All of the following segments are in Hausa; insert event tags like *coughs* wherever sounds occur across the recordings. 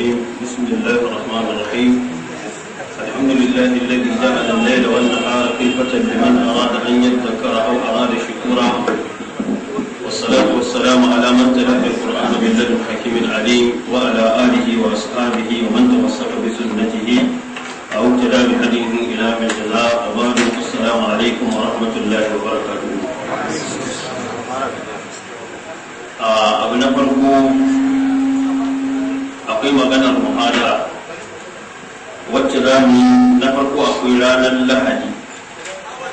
الرجيم بسم الله الرحمن الرحيم الحمد لله الذي جعل الليل والنهار خلفة لمن أراد أن يذكر أو أراد شكورا والصلاة والسلام على من تلقى القرآن من لدن حكيم عليم وعلى آله وأصحابه ومن توسط بسنته أو ابتدى بهديه إلى من جزاء وبعد السلام عليكم ورحمة الله وبركاته. أبو آه نفرقو akwai maganar muhadara wacce za mu yi na farko akwai ranar lahadi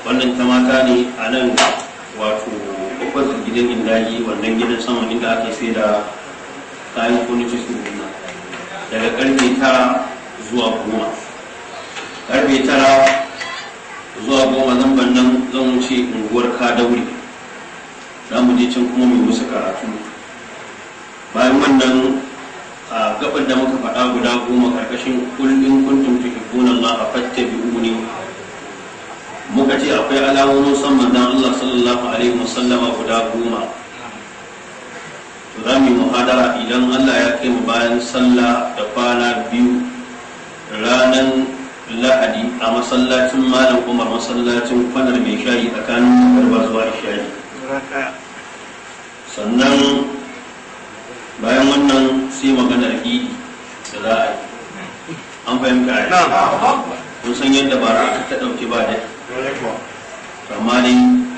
wannan ta mata ne a nan wato kwakwasar gidan indaji wannan gidan sama inda ake sai da kayan kwanci su daga karfe tara zuwa goma karfe tara zuwa goma zan bannan zan wuce unguwar kadauri za mu je can kuma mai wasu karatu bayan wannan a gaban da muka faɗa guda goma karkashin kullum kuntum tuhibbuna Allah fattabi'uni muka ce akwai alamomin son manzon Allah sallallahu alaihi wasallama guda goma to za mu muhadara idan Allah ya kai mu bayan sallah da kwana biyu ranar lahadi a masallacin malam umar masallacin kwanar mai shayi tsakanin karba zuwa shayi sannan bayan wannan sai maganar idi da za a yi an fahimta a kun san yadda bara aka ta ɗauki ba da amma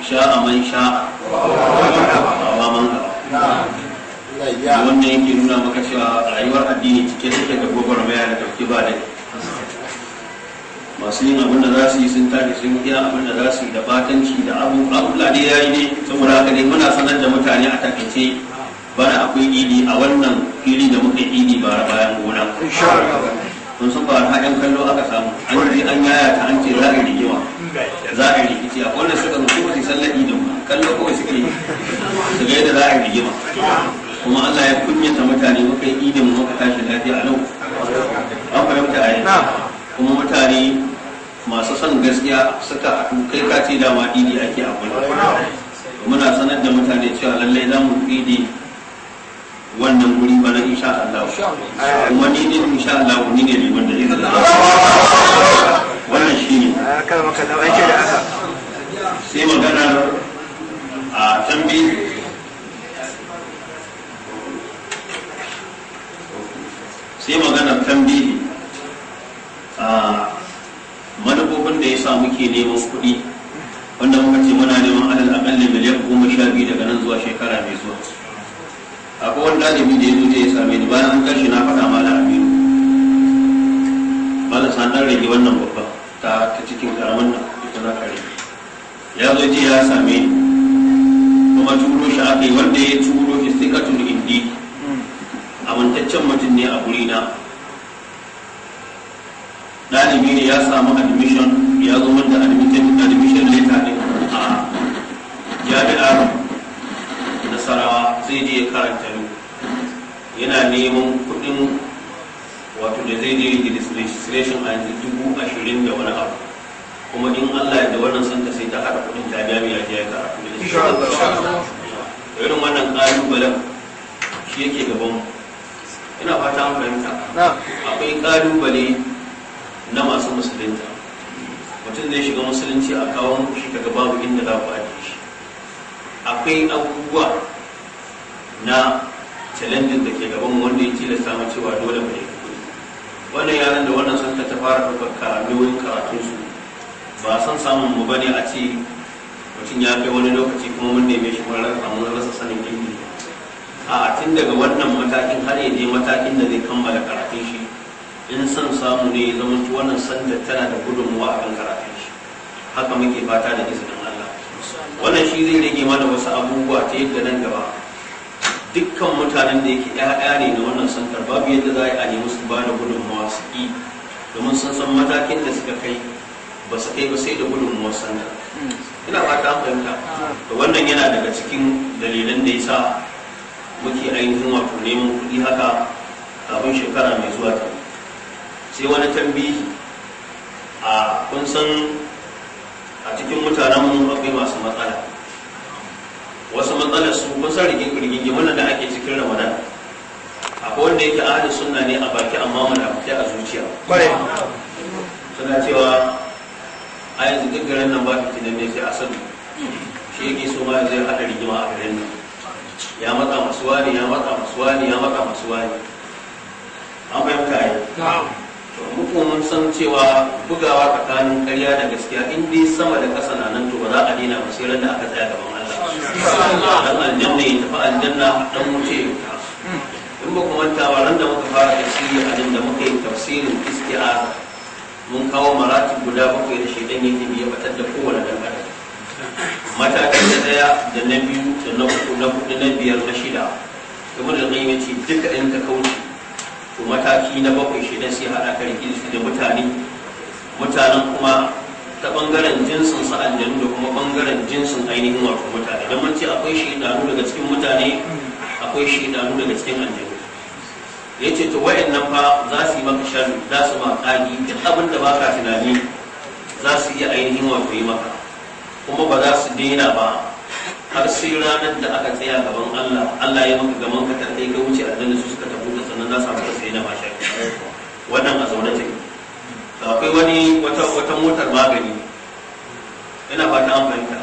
sha sha'a man sha'a ba man wannan yake nuna maka cewa rayuwar addini cike take da gwagwarmaya da ɗauki ba da masu yin abin da za su yi sun tashi sun iya abin da za su yi da batanci da abu abubuwa dai ya yi ne saboda haka dai muna sanar da mutane a takaice bana akwai idi a wannan fili da muka idi ba bara bayan gona kun san ba har yan kallo aka samu an ji an yaya ta an ce za a yi rigima za a yi rikici a kowanne suka zo kuma su sallar idin ba kallo kawai suke. yi su ga yadda za a yi rigima kuma Allah ya kunyata mutane muka yi idin muka tashi lafiya a nan an fahimta a yi kuma mutane masu son gaskiya suka kai ka ce dama idi ake akwai muna sanar da mutane cewa lallai za mu idi wannan guri ba na insha Allah kuma ni ne insha Allah ni ne liman da izinin wannan shi ne sai magana a tambi sai magana tambi a manufofin da ya sa muke neman kuɗi wanda muka ce muna neman alal akalli miliyan goma sha biyu daga nan zuwa shekara mai zuwa akwai wani ɗalibi da ya zo ya same ni bayan an karshe na faɗa da aminu Ba san ɗan rage wannan babba ta ta cikin karamin nan ita na kare ya zo ji ya same ni kuma turo shi aka yi wanda ya turo shi sai ka tuni indi amintaccen mutum ne a gurina ɗalibi ne ya samu admission ya zo da admission leta ne a jami'ar nasarawa zai je karanta ne yana neman kuɗin wato da zai je registration a yanzu dubu ashirin da wani abu kuma in Allah da wannan sun ta sai ta haɗa kuɗin ta biya mai ajiya karatu da irin wannan ƙalubalen shi yake gaban ina fata an fahimta akwai ƙalubale na masu musulunta mutum zai shiga musulunci a kawo shi kaga babu inda za ku ajiye shi akwai abubuwa na challenges da ke gaban wanda ya tilasta samun cewa dole mai yi wannan yaran da wannan sun ta fara ɗaukar karamin karatunsu ba san samun mu bane a ce mutum ya kai wani lokaci kuma mun neme shi mun rasa mun rasa sanin ilimi a tun daga wannan matakin har ya je matakin da zai kammala karatun shi in son samu ne zama wannan sanda tana da gudunmuwa a kan karatun shi haka muke fata da izinin Allah wannan shi zai rage mana wasu abubuwa ta yadda nan gaba dukkan mutanen da yake ƴaƴa ne na wannan santar babu yadda za a nemi su ba da gudunmuwa su ki domin sun san matakin da suka kai ba su kai ba sai da gudunmuwar sanda ina fata an fahimta da wannan yana daga cikin dalilan da ya sa muke ainihin wato neman kuɗi haka kafin shekara mai zuwa ta sai wani tambihi a kun san a cikin mutanen mu akwai masu matsala wasu matsalar su kun san wannan da ake cikin ramana akwai wanda yake ahli sunna ne a baki amma munafikai a zuciya suna cewa a yanzu duk garin nan ba da ne sai a sani shi yake so ma zai hada rigima a garin nan ya matsa masu wani ya matsa masu wani ya matsa masu wani an fahimta yi muku mun san cewa bugawa tsakanin karya da gaskiya in dai sama da ƙasa na nan to ba za a daina ba sai ran da aka tsaya gaban Allah dan aljanna ya tafi aljanna dan wuce in ba ku manta ba ran da muka fara tafsiri a nan da muka yi tafsirin isti'aza mun kawo marati guda bakwai da shaidan yake biya batar da kowane dan adam matakin da daya da na biyu da na uku na hudu na biyar na shida kamar da zai ce duka in ka kauce to mataki na bakwai shi sai hada ka rike su da mutane mutanen kuma ta bangaren jinsin sa aljanu da kuma bangaren jinsin ainihin wato mutane don mun ce akwai shaidanu daga cikin mutane akwai shaidanu daga cikin aljanu yace ce to wayannan fa za su yi maka sharri za su ma kadi duk abin da baka tunani za su yi ainihin wato yi maka kuma ba za su daina ba har sai ranar da aka tsaya gaban Allah Allah ya maka gaban ka tarkai ka wuce aljanna su suka tafi da sannan za su sai ba mashi wannan a zaune take to akwai wani wata motar magani ina ba ta amfanta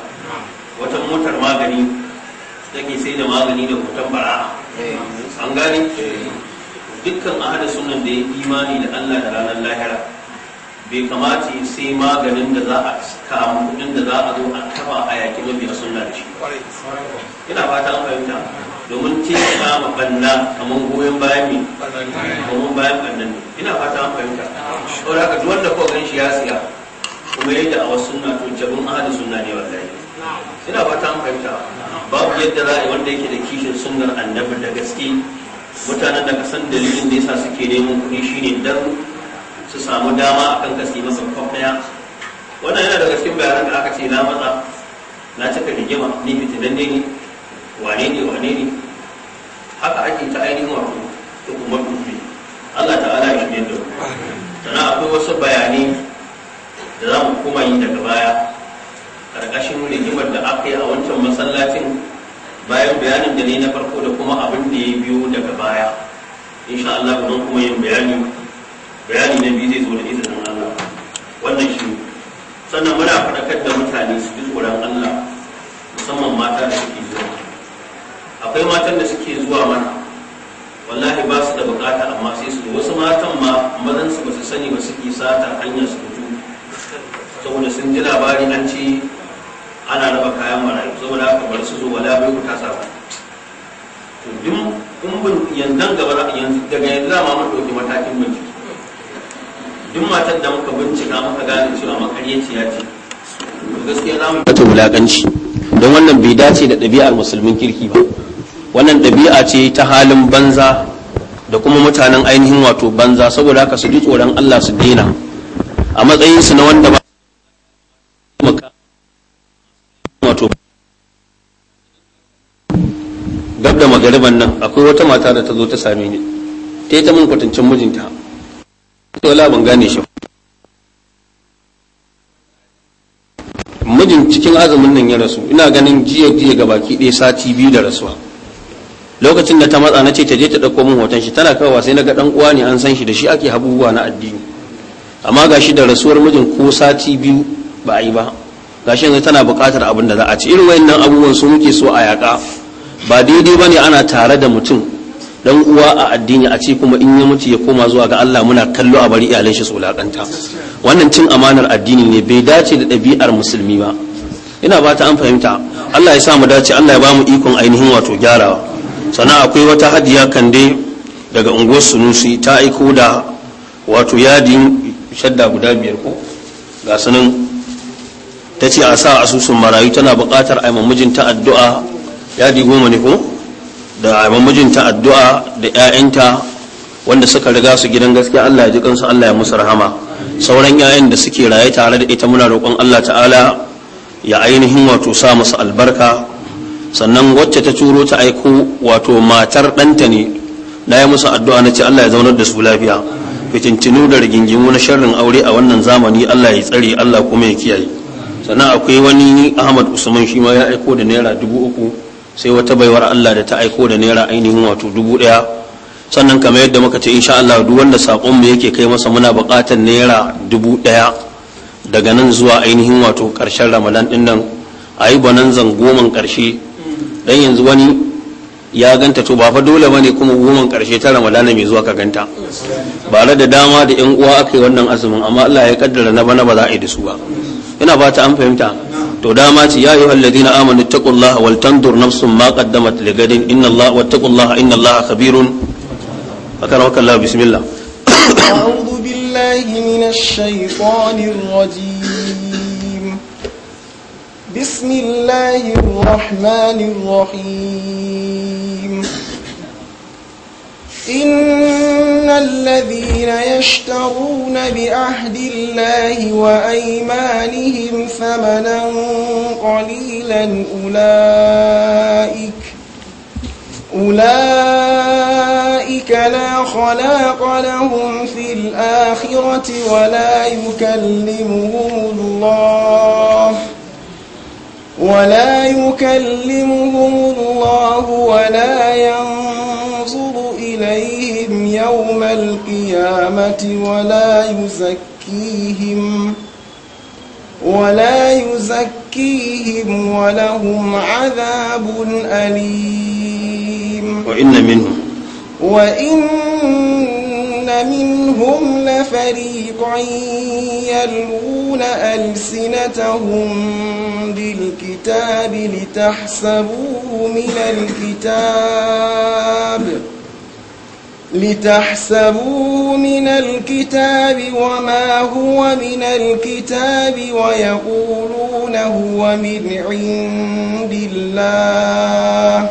wata motar magani take sai da magani da hoton bara. an gane dukkan a hada sunan da ya imani da Allah da ranar lahira bai kamata sai maganin da za a kama kudin da za a zo a kafa a yaki mabiya sunna da shi ina fata an fahimta domin tilasta ma banna kamar goyon bayan mai kamar bayan bannan ne ina fata an fahimta saboda haka duk wanda gan shi ya siya kuma yadda da wasu sunna to jabin ahadin sunna ne wallahi ina fata an fahimta babu yadda za a yi wanda yake da kishin sunnar annabi da gaske mutanen da kasan dalilin da yasa suke neman kuɗi shine dan su samu dama akan kasi masa kwafaya wannan yana daga cikin bayanan da aka ce na matsa na cika rigima ni fitinan ne wane ne wane ne haka ake ta ainihin wato kuma dubbe Allah ta'ala shi ne da sannan akwai wasu bayanai da za mu kuma yi daga baya ƙarƙashin rigimar da aka yi a wancan masallacin bayan bayanin da ne na farko da kuma abin da ya biyo daga baya insha Allah ba kuma yin bayani bayani na biyu zai zo da izinin Allah wannan shi sannan muna faɗakar da mutane su ji tsoron Allah musamman mata da suke zuwa akwai matan da suke zuwa mana wallahi ba su da bukata amma sai su wasu matan ma mazan su ba su sani ba suke sata hanyar su fito saboda sun ji labari an ce ana raba kayan marayu saboda haka bar su zo wala bai ku ta sa to din kun yandan gaba yanzu daga yanzu za mu ɗauki matakin bincike duk matan da muka bincika muka gane cewa ya ce gaskiya za mu mata wulakanci don wannan bai dace da ɗabi'ar musulmin kirki ba wannan ɗabi'a ce ta halin banza da kuma mutanen ainihin wato banza saboda haka su ji tsoron Allah su daina a matsayin su na wanda ba wato gab da magariban nan akwai wata mata da ta zo ta same ni ta yi ta mun kwatancin mijinta to la ban gane shi mijin cikin azumin nan ya rasu ina ganin jiya jiya ga baki ɗaya sati biyu da rasuwa lokacin da ta matsa na ce ta je ta dauko min hoton shi tana kawai sai na ga ɗan uwa ne an san shi da shi ake habubuwa na addini amma gashi da rasuwar mijin ko sati biyu ba a yi ba gashi yanzu tana buƙatar abin da za a ci irin wayannan abubuwan su muke so a yaƙa ba daidai ba ne ana tare da mutum dan uwa a addini a ce kuma in ya mutu ya koma zuwa ga Allah muna kallo a bari iyalan shi su wannan cin amanar addini ne bai dace da ɗabi'ar musulmi ba ina ba ta an fahimta Allah ya sa mu dace Allah ya ba mu ikon ainihin wato gyarawa sannan akwai wata hadiya kande daga unguwar sunusi ta aiko da wato yadin shadda guda biyar ko ga sanin ta ce a sa asusun marayu tana bukatar a mijinta addu'a yadi goma ne ko da a mijinta addu'a da 'ya'yanta wanda suka riga su gidan gaskiya Allah ya ji kansu Allah ya musu rahama sauran 'ya'yan da suke raye tare da ita muna roƙon Allah ta'ala ya ainihin wato sa musu albarka sannan wacce ta turo ta aiko wato matar ɗanta ne na yi musu addu'a na ce Allah ya zaunar da su lafiya fitintinu da rigingimu na sharrin aure a wannan zamani Allah ya tsare Allah kuma ya kiyaye sannan akwai wani Ahmad Usman shi ma ya aiko da naira dubu uku sai wata baiwar Allah da ta aiko da naira ainihin wato dubu ɗaya sannan kamar yadda muka ce insha Allah duk wanda sakon mu yake kai masa muna buƙatar naira dubu ɗaya daga nan zuwa ainihin wato ƙarshen Ramadan ɗin nan a yi bananzan goman ƙarshe dan yanzu wani ya ganta to ba fa dole bane kuma goman karshe ta ramadana mai zuwa ka ganta ba da dama da yan uwa aka yi wannan azumin amma Allah ya kaddara na bana ba za a yi da su ba ina ba ta an fahimta to dama ce ya ayyuha alladhina amanu taqullaha wal tandur nafsun ma qaddamat li gadin inna Allah wattaqullaha inna Allah khabirun akaraka Allah bismillah a'udhu billahi minash shaitanir rajim بسم الله الرحمن الرحيم إن الذين يشترون بعهد الله وأيمانهم ثمنا قليلا أولئك أولئك لا خلاق لهم في الآخرة ولا يكلمهم الله ولا يكلمهم الله ولا ينظر إليهم يوم القيامة ولا يزكيهم ولا يزكيهم ولهم عذاب أليم وإن منهم وإن إن منهم لفريقا يلون ألسنتهم بالكتاب لتحسبوه من الكتاب لتحسبوه من الكتاب وما هو من الكتاب ويقولون هو من عند الله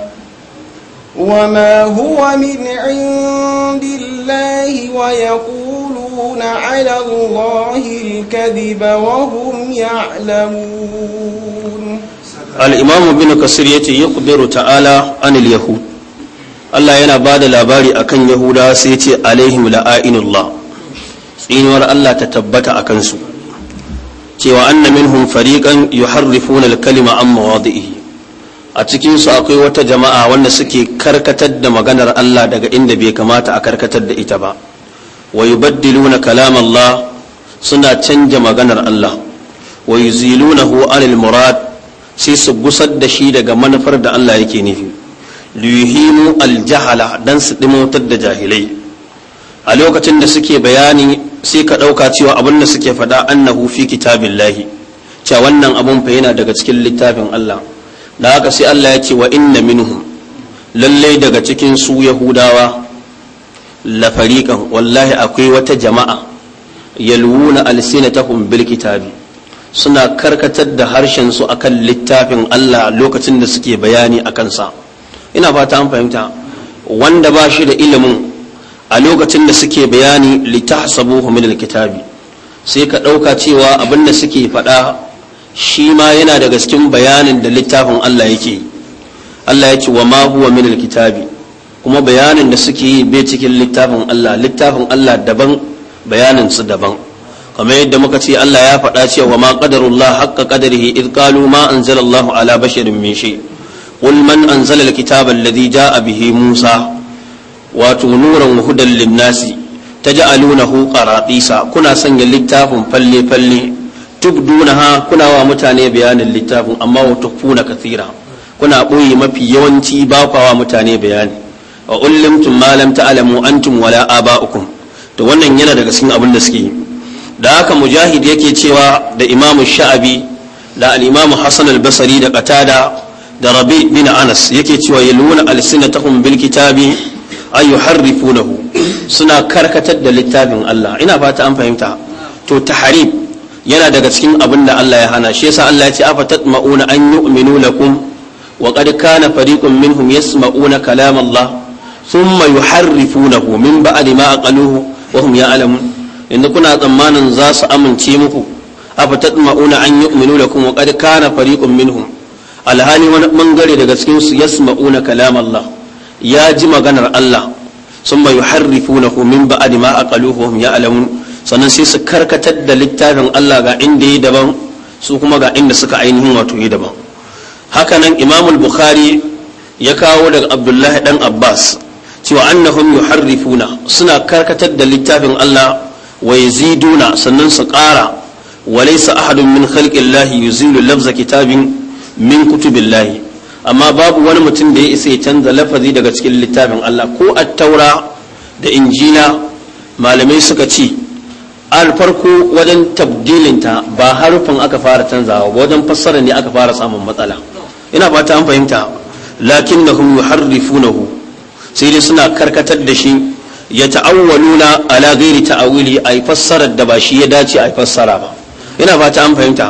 وما هو من عند الله الله ويقولون على الله الكذب وهم يعلمون الإمام ابن كثير يقدر تعالى عن اليهود Allah yana ba da labari akan Yahudawa sai ce alaihim la'ainullah tsinuwar Allah ta tabbata a kansu cewa anna minhum fariqan yuharrifuna al-kalima an mawadi'i a cikinsu akwai wata jama'a wanda suke karkatar da maganar Allah daga inda bai kamata a karkatar da ita ba wa yubaddiluna kalam Allah suna canja maganar Allah wa yuzilunahu anil murad sai su gusar da shi daga manufar da Allah yake nufi liyuhimu aljahala dan su dimotar da jahilai a lokacin da suke bayani sai ka ɗauka cewa abin da suke faɗa annahu fi kitabillahi cewa wannan abun fa yana daga cikin littafin Allah da haka sai Allah ya ce wa inna minhum lalle daga cikin su yahudawa la fariqan wallahi akwai wata jama'a yalwuna alsinatahum bil kitabi suna karkatar da harshen su akan littafin Allah lokacin da suke bayani akan sa ina fata an fahimta wanda ba shi da ilimin a lokacin da suke bayani litahsabuhu min kitabi sai ka dauka cewa abinda suke faɗa shi ma yana daga cikin bayanin da littafin Allah yake Allah ya ce wa ma huwa min alkitabi kuma bayanin da suke yi bai cikin littafin Allah littafin Allah daban bayanin su daban kamar yadda muka ce Allah ya faɗa cewa ma qadarullah haqqa qadarihi id qalu ma anzalallahu ala basharin min shay qul man anzala alkitaba alladhi jaa bihi musa wato nuran wa hudan linnasi taj'alunahu qaratisa kuna sanya littafin falle falle tubdunaha kuna wa mutane bayanin littafin amma wa tukfuna kathira kuna boye mafi yawanci ba wa mutane bayani wa ullimtum ma lam ta'lamu antum wala aba'ukum to wannan yana daga cikin abin da suke yi da haka mujahid yake cewa da imamu sha'abi da al-imamu hasan al-basri da qatada da rabi bin anas yake cewa yaluna al ta bil kitabi ay yuharrifunahu suna karkatar da littafin Allah ina fata an fahimta to tahrif yana daga cikin abin da Allah ya hana shi yasa Allah ya ce afa ma'una an yu'minu lakum wa qad kana fariqun minhum yasma'una kalam Allah thumma yuharrifunahu min ba'di ma aqaluhu wa hum ya'lamun inda kuna tsammanin za su amince muku afa ma'una an yu'minu lakum wa qad kana fariqun minhum alhali wani bangare daga cikin su yasma'una kalam Allah ya ji maganar Allah thumma yuharrifunahu min ba'di ma aqaluhu wa hum ya'lamun sannan sai su karkatar da littafin Allah ga inda yi daban su kuma ga inda suka ainihin wato yi daban hakanan imamul bukhari ya kawo daga abdullahi dan abbas cewa annahum yuharrifuna suna karkatar da littafin Allah wa yaziduna sannan su ƙara walaysa ahadun min khalqillahi yuzilu lafza kitabin min kutubillahi amma babu wani mutum da ya isa ya canza lafazi daga cikin littafin Allah ko attaura da injila malamai suka ce alfarko wajen tabdilinta ba harufin aka fara canzawa ba wajen fassara ne aka fara samun matsala ina fata an fahimta lakin na hum yuharrifunahu sai dai suna karkatar da shi ya na ala ghairi ta'awili yi fassarar da ba shi ya dace yi fassara ba ina fata an fahimta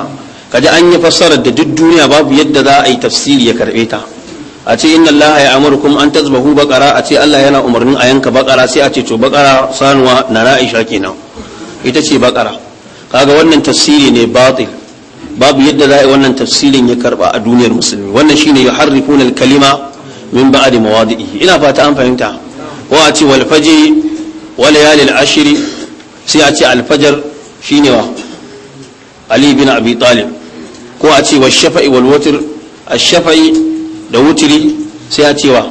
kaji an yi fassarar da duk duniya babu yadda za a yi tafsiri ya karbe ta a ce inna allaha ya amurkum an tazbahu baqara a ce allah yana umarnin a yanka baqara sai a ce to baqara sanuwa na ra'isha kenan ita ce bakara kaga wannan tafsiri ne batil babu yadda za a yi wannan tafsirin ya karba a duniyar musulmi wannan shine yuharrifuna al-kalima min ba'di mawadi'i ina fata an fahimta ko a ce wal fajri wa layalil ashri sai a ce al fajr shine wa ali bin abi talib ko a ce wash-shafa'i wal wutr ash-shafa'i da wutri sai a ce wa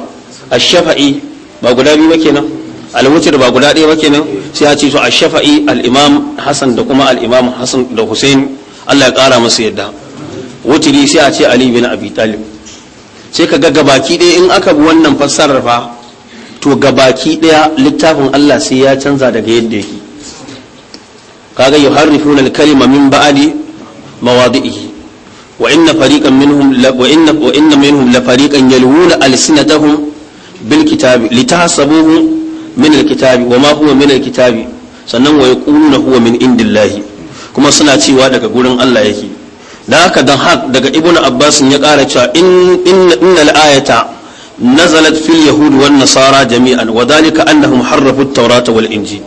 ash-shafa'i ba guda biyu ba kenan al-wutr ba guda ɗaya ba kenan sai ya ce su a shafa'i al'imam hassan da kuma al'imam hassan da hussein allah ya kara masa yadda wutiri sai a ce ali bin abi talib sai ka ga gabaki daya in aka bi wannan fassarar fa to gabaki ɗaya littafin allah sai ya canza daga yadda yake kaga yuharrifuna al-kalima min ba'di mawadi'ihi wa inna fariqan minhum wa inna wa inna minhum la fariqan yalwuna alsinatahum bil kitabi min kitabi wa ma huwa min sannan wa yaquluna huwa min indillahi kuma suna cewa daga gurin Allah yake da haka dan hak daga ibnu abbas ya kara cewa in innal ayata nazalat fil yahud wan nasara jami'an wa dhalika annahum harrafu at-taurata wal injil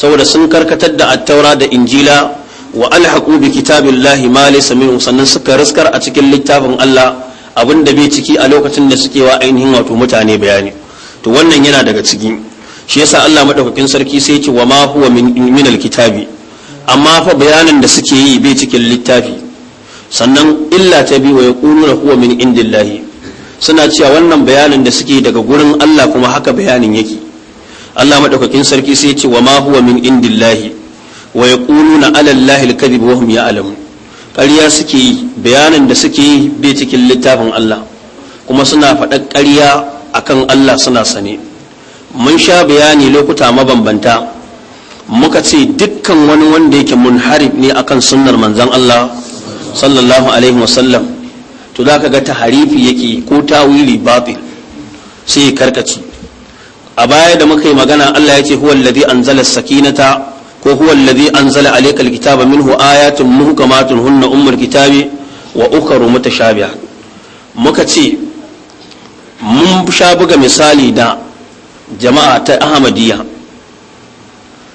saboda sun karkatar da at-taura da injila wa alhaqu bi kitabillahi ma laysa minhu sannan suka raskar a cikin littafin Allah abin da bai ciki a lokacin da suke wa ainihin wato mutane bayani to wannan yana daga ciki shi yasa Allah madaukakin sarki sai ce wa ma huwa min alkitabi amma fa bayanin da suke yi bai cikin littafi sannan illa ta bi wa yaquluna huwa min indillahi suna cewa wannan bayanin da suke daga gurin Allah kuma haka bayanin yake Allah madaukakin sarki sai ce wa ma huwa min indillahi wa yaquluna ala allahi alkadhib wa hum ya'lamun ƙarya suke yi bayanin da suke yi bai cikin littafin Allah kuma suna faɗa ƙarya akan Allah suna sane mun sha bayani lokuta mabambanta muka ce dukkan wani wanda yake munharif ne akan sunnar manzon Allah sallallahu alaihi wasallam to za ka ga taharifi yake ko tawili batil sai ya karkaci a baya da muka yi magana Allah ya ce huwa alladhi anzala sakinata ko huwa alladhi anzala alayka alkitaba minhu ayatun muhkamatun hunna ummul kitabi wa ukhra mutashabiha muka ce mun sha buga misali da jama'a ta ahmadiyya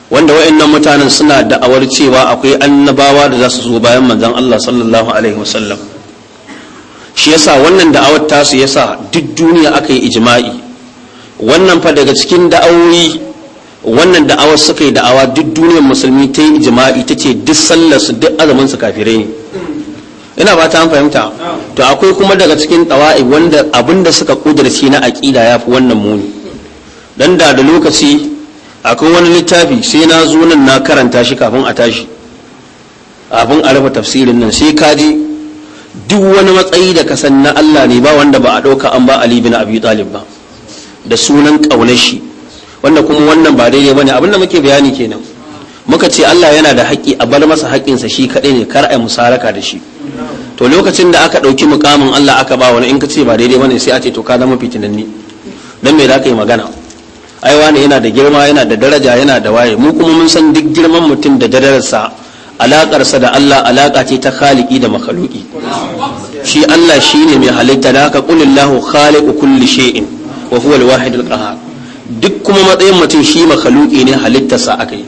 wanda wa'annan mutanen suna da'awar cewa akwai annabawa da za su zo bayan manzon Allah sallallahu alaihi wasallam shi yasa wannan da'awar tasu yasa duk duniya aka yi ijma'i wannan fa daga cikin da'awoyi wannan da'awar suka yi da'awa duk duniyar musulmi ta yi ijma'i ta ce duk sallar su duk azumin su kafirai ne ina ba ta an fahimta to akwai kuma daga cikin tawa'i wanda abinda suka kudurci na aqida yafi wannan muni dan da da lokaci akan wani littafi sai na zo nan na karanta shi kafin a tashi abin a rufe tafsirin nan sai ka ji duk wani matsayi da ka san na Allah ne ba wanda ba a ɗauka an ba Ali bin Abi Talib ba da sunan ƙaunar shi wanda kuma wannan ba daidai bane abin da muke bayani kenan muka ce Allah yana da haƙƙi a bar masa sa shi kaɗai ne kar a musaraka da shi to lokacin da aka ɗauki mukamin Allah aka ba wani in ka ce ba daidai bane sai a ce to ka zama fitinanni dan me za ka yi magana ai wani yana da girma yana da daraja yana da waye mu kuma mun san duk girman mutum da darajarsa alakarsa da Allah alaka ce ta khaliki da makhluki shi Allah shine mai halitta da haka kulillahu khaliqu kulli shay'in wa huwa al-wahid al duk kuma matsayin mutum shi makhluki ne halittarsa akai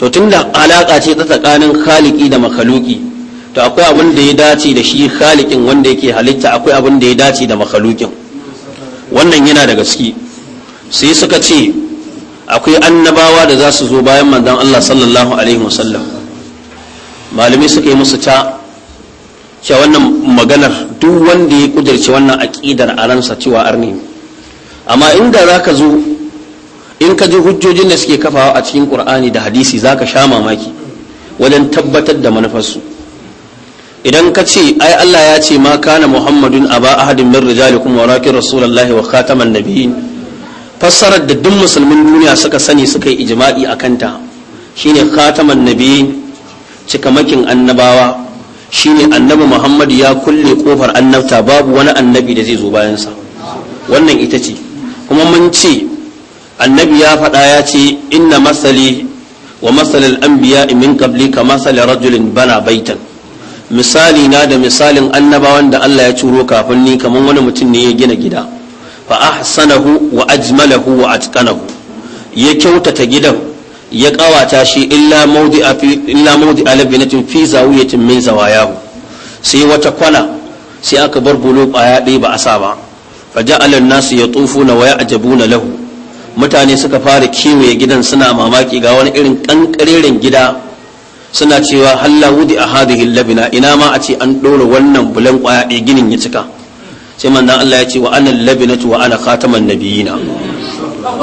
to tunda alaka ce ta tsakanin khaliki da makhluki to akwai abin da ya dace da shi khalikin wanda yake halitta akwai abin da ya dace da makhlukin wannan yana da gaske sai suka ce akwai annabawa da za su zo bayan manzon Allah sallallahu alaihi wasallam malami suka yi musu ta ce wannan maganar duk wanda ya kudirce wannan aƙidar a ransa cewa arni amma inda za ka zo in ka ji hujjojin da suke kafawa a cikin ƙur'ani da hadisi za ka sha mamaki wajen tabbatar da manufarsu idan ka ce ai Allah ya ce ma kana muhammadun aba ahadin min rijalikum walakin rasulullahi wa khataman nabiyyin fassarar da duk musulmin duniya suka sani suka yi ijima'i a kanta shine khataman nabi cikamakin annabawa shine annabi muhammadu ya kulle kofar annabta babu wani annabi da zai zo bayansa wannan ita ce kuma mun ce annabi ya faɗa ya ce inna masali wa masalin anbiya min qabli ka masalin rajulin bana baitan misali na da misalin annabawan da allah ya curo kafin ni kamar wani mutum ne ya gina gida fa sanahu wa ajmalahu wa atqanahu ya kyautata gidan ya kawata shi illa mawdi'a fi illa mawdi'a labinatin fi zawiyatin min zawayahu sai wata kwana sai aka bar bulo kwaya ɗaya ba a sa ba fa ja'ala an-nasu a wa na lahu mutane suka fara kewaye gidan suna mamaki ga wani irin kankareren gida suna cewa halla wudi a hadihin labina ina ma a ce an ɗora wannan bulan kwayaɗe ɗaya ginin ya cika sai manzon Allah ya ce wa labi labinatu wa ana khataman nabiyina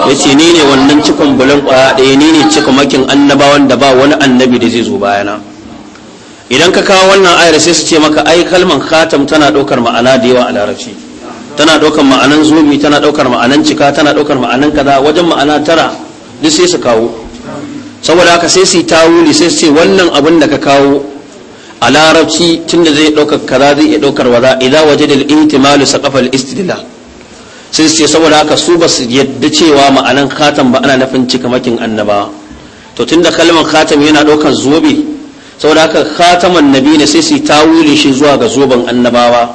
ya ce ni ne wannan cikon bulan kwaya ɗaya ni ne cikon makin annabawan da ba wani annabi da zai zo bayana idan ka kawo wannan ayar sai su ce maka ai kalman khatam tana ɗaukar ma'ana da yawa a larabci tana ɗaukar ma'anan zobi tana ɗaukar ma'anan cika tana ɗaukar ma'anan kaza wajen ma'ana tara duk sai su kawo saboda haka sai su yi tawuli sai su ce wannan abin da ka kawo a larabci tunda zai ɗaukar kaza zai iya ɗaukar waza idan waje da ihtimalu saqafal istidla istila. su ce saboda haka su ba su yadda cewa ma'anan katam ba ana nufin cikamakin annaba to tunda kalmar khatam yana ɗaukar zobe saboda haka khataman nabi ne sai su tawule shi zuwa ga zoben annabawa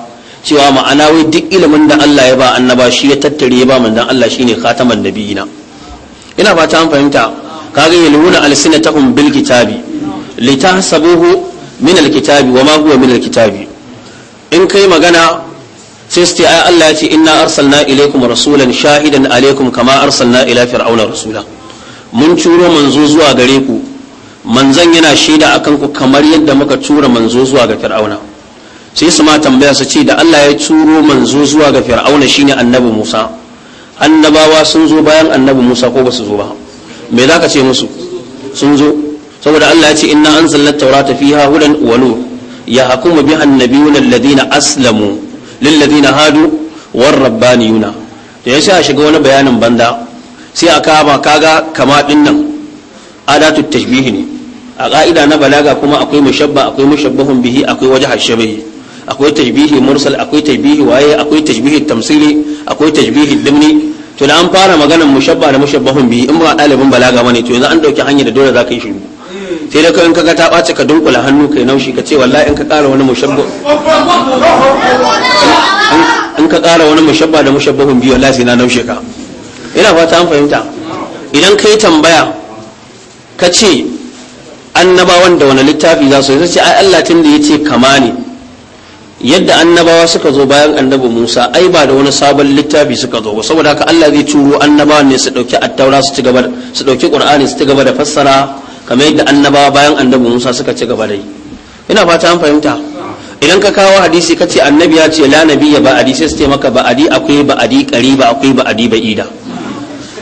cewa ma'ana wai duk ilimin da Allah ya ba annaba shi ya tattare ya ba manzon Allah shine khataman nabiyina ina fata an fahimta kaga yalwuna alsinatahum bil kitabi litahsabuhu min alkitabi wa ma huwa min alkitabi in kai magana sai ai Allah ya ce inna arsalna ilaikum rasulan shahidan alaikum kama arsalna ila fir'auna rasula mun curo manzo zuwa gare ku manzan yana shaida akan ku kamar yadda muka tura manzo zuwa ga fir'auna sai su ma tambaya su ce da Allah ya turo manzo zuwa ga fir'auna shine annabi Musa annabawa sun zo bayan annabi Musa ko ba su zo ba me zaka ce musu sun zo saboda Allah ya ce inna anzalna tawrata fiha hudan wa nur yahkumu biha annabiyuna alladhina aslamu lil ladina hadu war rabbaniyuna da yace a shiga wani bayanin banda sai a kama kaga kama din nan adatu tashbihi ne a ka'ida na balaga kuma akwai mushabba akwai mushabbahun bihi akwai wajh shabahi akwai tashbihi mursal akwai tashbihi waye akwai tashbihi tamsili akwai tashbihi limni to da an fara maganar mushabba da mushabbahun bihi in ba ɗalibin balaga bane to yanzu an ɗauki hanyar da dole za ka yi shiru sai dai kawai kaga ta ɓaci ka dunkula hannu kai naushi ka ce wallahi in ka ƙara wani mushabba in ka ƙara wani mushabba da mushabbahun biyu wallahi sai na naushe ka ina fata an fahimta idan kai tambaya ka ce annabawan da wani littafi za su yi sai ai Allah tun da ya ce kama ne yadda annabawa suka zo bayan annabi Musa ai ba da wani sabon littafi suka zo saboda haka Allah zai turo annabawan ne su dauki attaura su ci gaba su dauki Qur'ani su ci gaba da fassara kamar yadda annabawa bayan annabi Musa suka ci gaba da yi ina fata an fahimta idan ka kawo hadisi ka ce annabi ya ce la ya ba adi sai su ce maka ba akwai ba adi ba akwai ba ba ida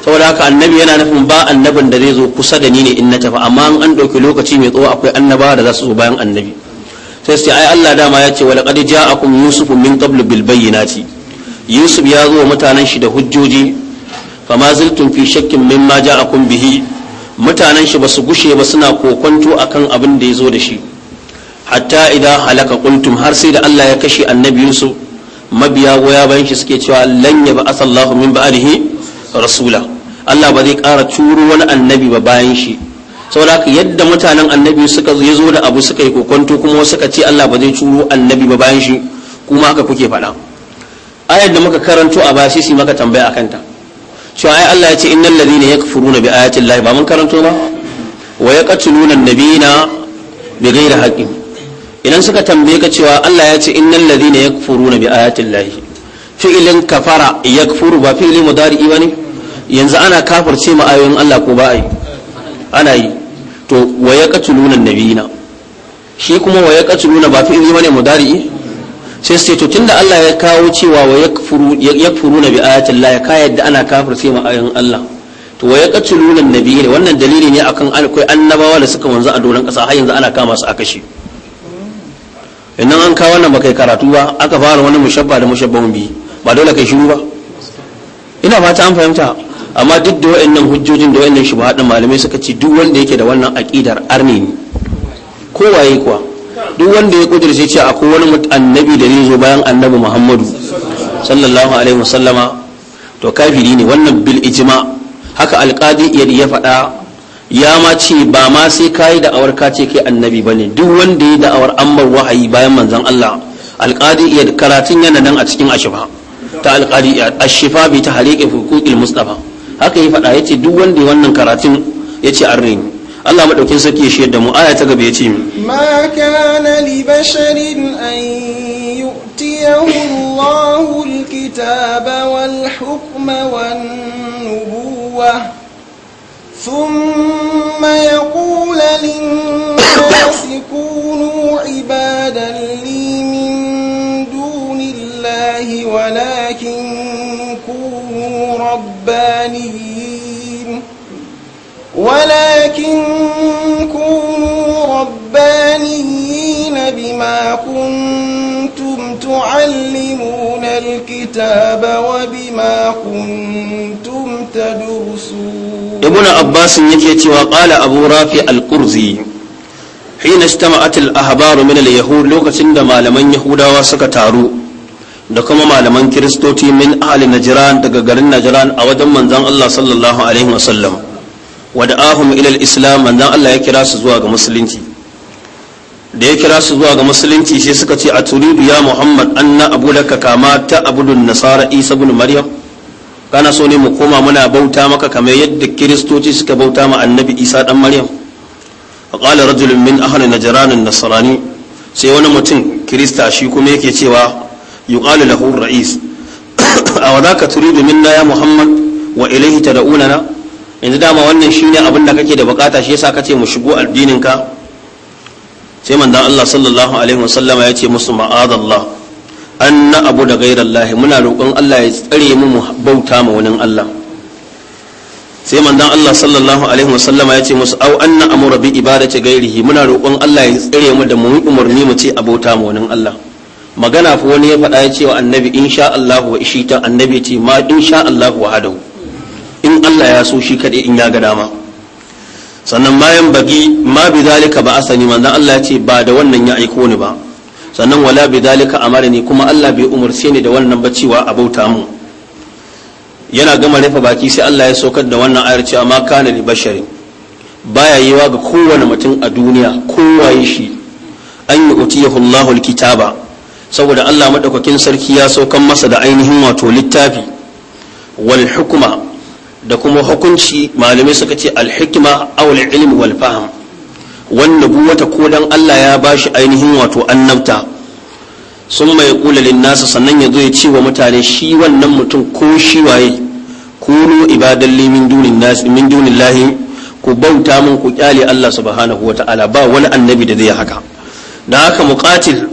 saboda haka annabi yana nufin ba annabin da zai zo kusa da ni ne in na tafi amma an ɗauki lokaci mai tsawo akwai annabawa da za su zo bayan annabi sai su ce ai Allah dama ya ce walaqad ja'akum yusuf min qablu bil bayyinati yusuf ya zo mutanen shi da hujjoji fama ziltum fi shakkin mimma ja'akum bihi mutanen shi ba su gushe ba suna kokonto kan abin da ya zo da shi hatta idan halaka kuntum har sai da Allah ya kashe annabi mabiya goya bayan shi suke cewa lan ya ba asallahu min ba'dihi rasula Allah ba zai ƙara turo wani annabi ba bayan shi saboda haka yadda mutanen annabi suka zo da abu suka yi kokonto kuma suka ce Allah ba zai turo annabi ba bayan shi kuma haka kuke faɗa ayar da muka karanto a baya sai maka tambaya akan ta cewa ai Allah ya ce innal ladina yakfuruna bi ayati llahi ba mun karanto ba wa yaqtuluna nabiyina bi ghairi haqqin idan suka tambaye ka cewa Allah ya ce innal ladina yakfuruna bi ayati llahi fi'ilin kafara yakfuru ba fi'ili mudari'i bane yanzu ana kafirce ma ayoyin Allah ko ba ai ana yi to wa yaqtuluna nabiyina shi kuma wa yaqtuluna ba fi'ili bane mudari'i sai sai to tunda Allah ya kawo cewa wa na bi ayatin Allah ya ka yadda ana kafir sai ma'ayin Allah to wa yaqtuluna nabiyyi wannan dalili ne akan akwai annabawa da suka wanzu a doron kasa har yanzu ana kama su a kashe idan an kawo wannan bakai karatu ba aka fara wani mushabba da mushabbahun bi ba dole kai shiru ba ina fata an fahimta amma duk da wayannan hujjojin da wayannan shubuhat malamai suka ci duk wanda yake da wannan aqidar arni ne kowaye kuwa duk wanda ya kudirce ce akwai wani annabi da zai zo bayan annabi muhammadu sallallahu alaihi wasallama to kafiri ne wannan bil ijma haka alkadi ya faɗa ya ma ce ba ma sai kayi awar ka ce kai annabi ba ne duk wanda ya da awar ammar wahayi bayan manzon allah alkadi ya karatun yana nan a cikin ashifa ta alkadi ya ashifa bi ta hariƙe mustafa haka ya faɗa ya ce duk wanda wannan karatun yace arrin Allah maɗaukin sarki ya shi yadda mu ta gaba ya ce Ma kana li basharin an yu'tiyahu Allahu al-kitaba wal hukma wan nubuwa sun yaqulu lin nasi kunu ibadan li min dunillahi walakin kunu rabbaniyin walakin كونوا ربانيين بما كنتم تعلمون الكتاب وبما كنتم تدرسون ابن عباس يكي وقال أبو رافع القرزي حين اجتمعت الأحبار من اليهود لو كتند مالمن يهودا وسكتارو da kuma malaman kiristoci min ahli najran daga garin najran a wajen manzon Allah sallallahu alaihi wasallam wada ahun ila islam Allah ya kira su zuwa ga musulunci da ya kira su zuwa ga musulunci sai suka ce a turidu ya muhammad anna ka kama ta abudun nasara isa ibn maryam kana so ne mu koma muna bauta maka kamar yadda kiristoci suka bauta ma annabi isa dan maryam qala rajulun min ahli najran an-nasrani sai wani mutum kirista shi kuma yake cewa yuqalu lahu ar-ra'is a wadaka turidu minna ya muhammad wa ilayhi na. yanzu dama wannan shine abin da kake da bukata shi yasa kace mu shigo addininka. sai manzon Allah sallallahu alaihi wasallama ya ce musu ma'adallah an na abu da gairar muna roƙon Allah ya tsare mu bauta ma wani Allah sai manzon Allah sallallahu alaihi wasallama ya ce musu au an na amura bi ibadati gairihi muna roƙon Allah ya tsare mu da mu umarni mu ce abota ma wani Allah magana fa wani ya faɗa ya ce wa annabi insha Allah wa ishita annabi ce ma insha Allah wa hadahu in Allah ya so shi kaɗai in ya ga dama sannan mayan bagi ma bi zalika ba asani manzo Allah ya ce ba da wannan ya aiko ni ba sannan wala bi zalika ne kuma Allah bai umarce ni da wannan ba cewa a bauta mu yana gama rufe baki sai Allah ya saukar da wannan ayar cewa ma kana li bashari baya yiwa ga kowane mutum a duniya kowaye shi an yi utiyahu Allahul kitaba saboda Allah madaukakin sarki ya saukar masa da ainihin wato littafi wal hukuma da kuma hukunci malamai suka ce alhikima awul ilmi wal faham wannan buwata ko dan Allah ya bashi ainihin wato annabta sun mai kula nasa sannan ya zo ya ce wa mutane shi wannan mutum ko shi waye kunu ibadan li min dunin nas min lahi ku bauta mun ku kyale Allah subhanahu wataala ba wani annabi da zai haka da haka muqatil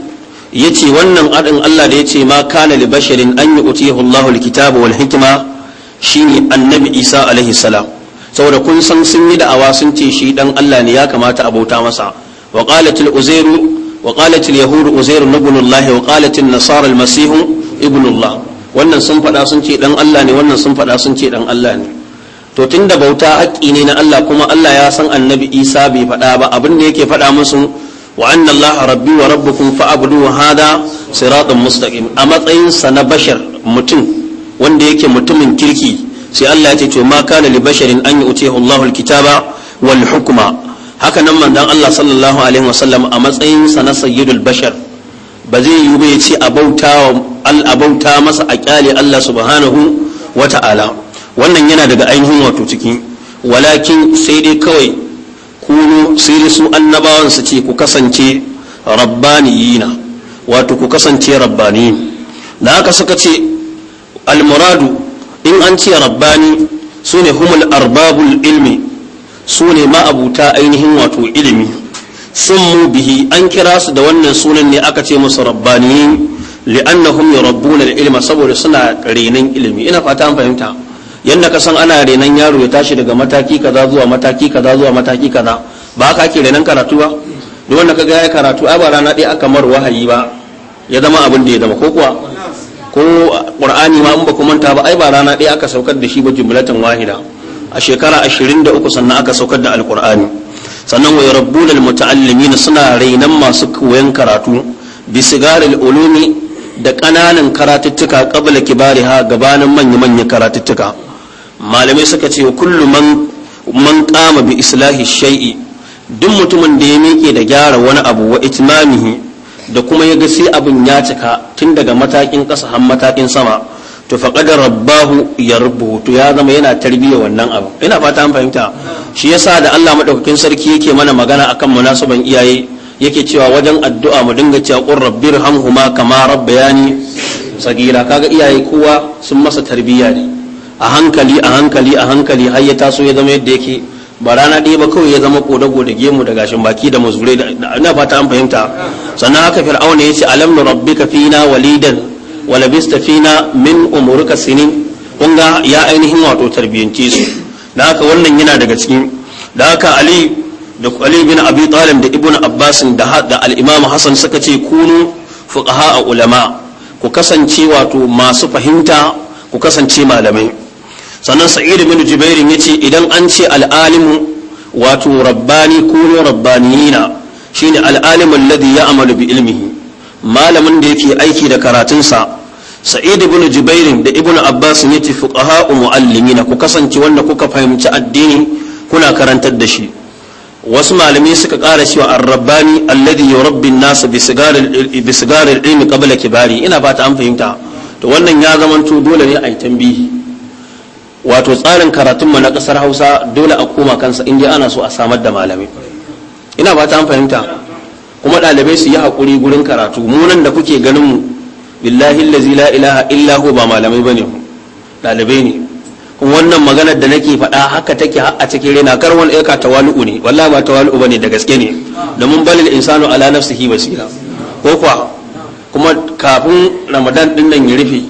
yace wannan adin Allah da yace ma kana li basharin an yu'tihi Allahu kitaba wal hikma shine annabi isa alaihi salam saboda kun san sun yi da'awa sun ce shi dan allah ne ya kamata a bauta masa wa qalatil uzairu wa qalatil yahud uzairu ibn wa qalatil nasara al ibnullah wannan sun fada sun ce dan allah ne wannan sun fada sun ce dan allah ne to tunda bauta haƙƙi ne na allah kuma allah ya san annabi isa bai faɗa ba abin da yake faɗa musu wa anna allah rabbi wa rabbukum fa'budu hada siratun mustaqim a matsayin sa na bashar mutum wanda yake mutumin kirki sai Allah ya ce to ma kana li basharin an yu'tihi Allahu al-kitaba wal hukma haka nan manzon Allah sallallahu alaihi sallam a matsayin sa na sayyidul bashar ba zai yi ba ya ce abauta masa a kyale Allah subhanahu wa ta'ala wannan yana daga ainihin wato ciki walakin sai dai kawai kuno sai dai su annabawan su ce ku kasance rabbaniyina wato ku kasance rabbani da haka suka ce almuradu in an ce rabbani su ne humul arbabul ilmi su ne ma'abuta ainihin wato ilimi sun mu bihi an kira su da wannan sunan ne aka ce musu rabbani li'annahum yurabbuna al-ilma saboda suna renan ilimi ina fata an fahimta yanda ka san ana renan yaro ya tashi daga mataki kaza zuwa mataki kaza zuwa mataki kaza ba ka ake renan karatu ba duk wanda kaga ya karatu a ba rana ɗaya aka mar wahayi ba ya zama abin da ya zama ko kuwa ko qur'ani ma in ba ku manta ba ai ba rana ɗaya aka saukar da shi ba jumlatan wahida a shekara 23 sannan aka saukar da alqur'ani sannan wa yarabbuna almutaallimin suna rainan masu koyon karatu bi sigaril ulumi da kananan karatuttuka qabla kibariha gabanin manya manya karatuttuka malamai suka ce kullu man man qama bi islahi shay'i duk mutumin da ya miƙe da gyara wani abu wa itmamihi da kuma ya ga sai abin ya cika tun daga matakin ƙasa har matakin sama to faqad rabbahu ya rubutu ya zama yana tarbiya wannan abu ina fata an fahimta shi yasa da Allah madaukakin sarki yake mana magana akan munasaban iyaye yake cewa wajen addu'a mu dinga cewa qur hamhuma kama rabbayani sagira kaga iyaye kowa sun masa tarbiyya ne a hankali a hankali a hankali har ya taso ya zama yadda yake ba rana ɗaya ba kawai ya zama kodago da gemu da gashin baki da musulai da ina fata an fahimta sannan haka fir'auna ya ce alam rabbi fi fina walidan wa fi fina min umurika sinin kun ga ya ainihin wato tarbiyyance su da haka wannan yana daga cikin da haka ali da ali bin abi talib da ibnu abbas da da al-imam hasan suka ce kunu fuqaha ulama ku kasance wato masu fahimta ku kasance malamai sannan sa'id ibn jubair ce idan an ce al'alimu wato rabbani ko rabbaniyina shine al'alimu alladhi ya'malu bi ilmihi malamin da yake aiki da karatunsa sa'id ibn jubair da ibn abbas yace fuqaha'u muallimina ku kasance wanda kuka fahimci addini kuna karantar da shi wasu malamai suka ƙara cewa arrabbani alladhi yurabbin nasu bi sigarar ilmi qabla kibari ina fata an fahimta to wannan ya zamanto dole ne a yi tambihi wato tsarin karatunmu na ƙasar hausa dole a koma kansa inda ana so a samar da malami ina ba ta an fahimta kuma ɗalibai su yi haƙuri gurin karatu munan da kuke ganinmu billahi lazi la ilaha illa ba malamai ba mu ɗalibai ne kuma wannan maganar da nake faɗa haka take a cikin rena kar wani ɗauka tawalu'u ne wallahi ba tawalu'u ne da gaske ne domin balil insanu ala nafsihi basira ko kuwa kuma kafin ramadan ɗin nan ya rufe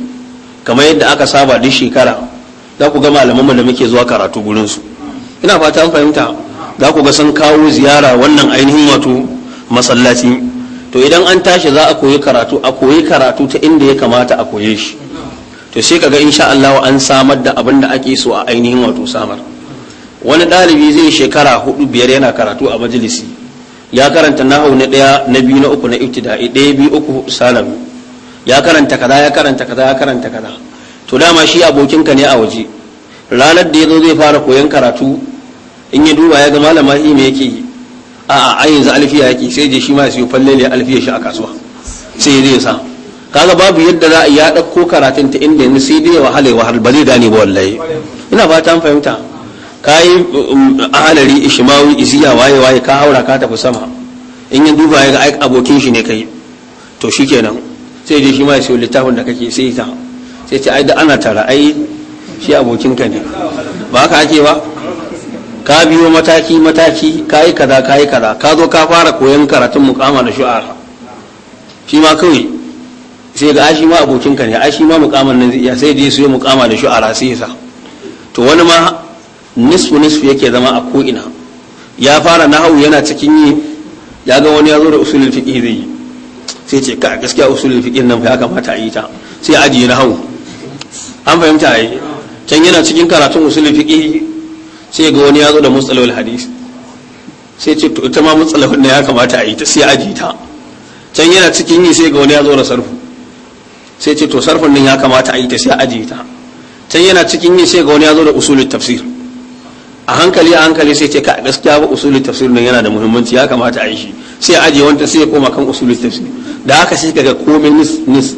kamar yadda aka saba duk shekara za ku ga malamanmu da muke zuwa karatu gurinsu ina fata an fahimta za ku ga sun kawo ziyara wannan ainihin wato masallaci to idan an tashi za a koyi karatu a koyi karatu ta inda ya kamata a koye shi to sai kaga insha Allah an samar da abin da ake so a ainihin wato samar wani dalibi zai shekara hudu biyar yana karatu a majalisi ya karanta nahau na daya na biyu na uku na ibtida'i daya biyu uku salam ya karanta kaza ya karanta kaza ya karanta kaza to dama shi abokinka ne a waje ranar da ya zo zai fara koyon karatu in ya duba ya ga malama shi me yake yi a a yanzu alfiya yake sai je shi ma ya siyo ne alfiya shi a kasuwa sai ya zai sa kaga babu yadda za a ya ɗauko karatun ta inda yanzu sai dai wahala wahal ba zai gane ba wallahi ina ba ta fahimta a um, ahalari ishimawi iziya waye waye ka haura ka tafi sama in ya duba ya ga abokin shi ne kai to shikenan sai je shi ma ya siyo littafin da kake sai ta sai ce ai da ana tara ai shi abokinka ne ba haka ake ba ka biyo mataki mataki ka yi kaza ka yi kaza ka zo ka fara koyon karatun mukama da shu'ar shi ma kawai sai ga ashi ma abokinka ne ashi ma mukaman nan zai iya sai dai su yi mukama da shu'ar sai sa to wani ma nisfu nisfu yake zama a ko'ina ya fara nahawu yana cikin yi ya ga wani ya zo da usulin fiƙi zai yi sai ce ka gaskiya usulul fiƙin nan ya kamata a yi ta sai ajiye nahawu an fahimta a yi can yana cikin karatun usulun fiƙi sai ga wani ya zo da mustalahul hadis sai ce to ita ma mustalahun na ya kamata a yi ta sai aji ta can yana cikin yi sai ga wani ya zo da sarfu sai ce to sarfin nan ya kamata a yi ta sai aji ta can yana cikin yi sai ga wani ya zo da usulun tafsir a hankali a hankali sai ce ka gaskiya ba usulun tafsir nan yana da muhimmanci ya kamata a yi shi sai aje wanta sai ya koma kan usulun tafsir da haka sai ga komai nis nis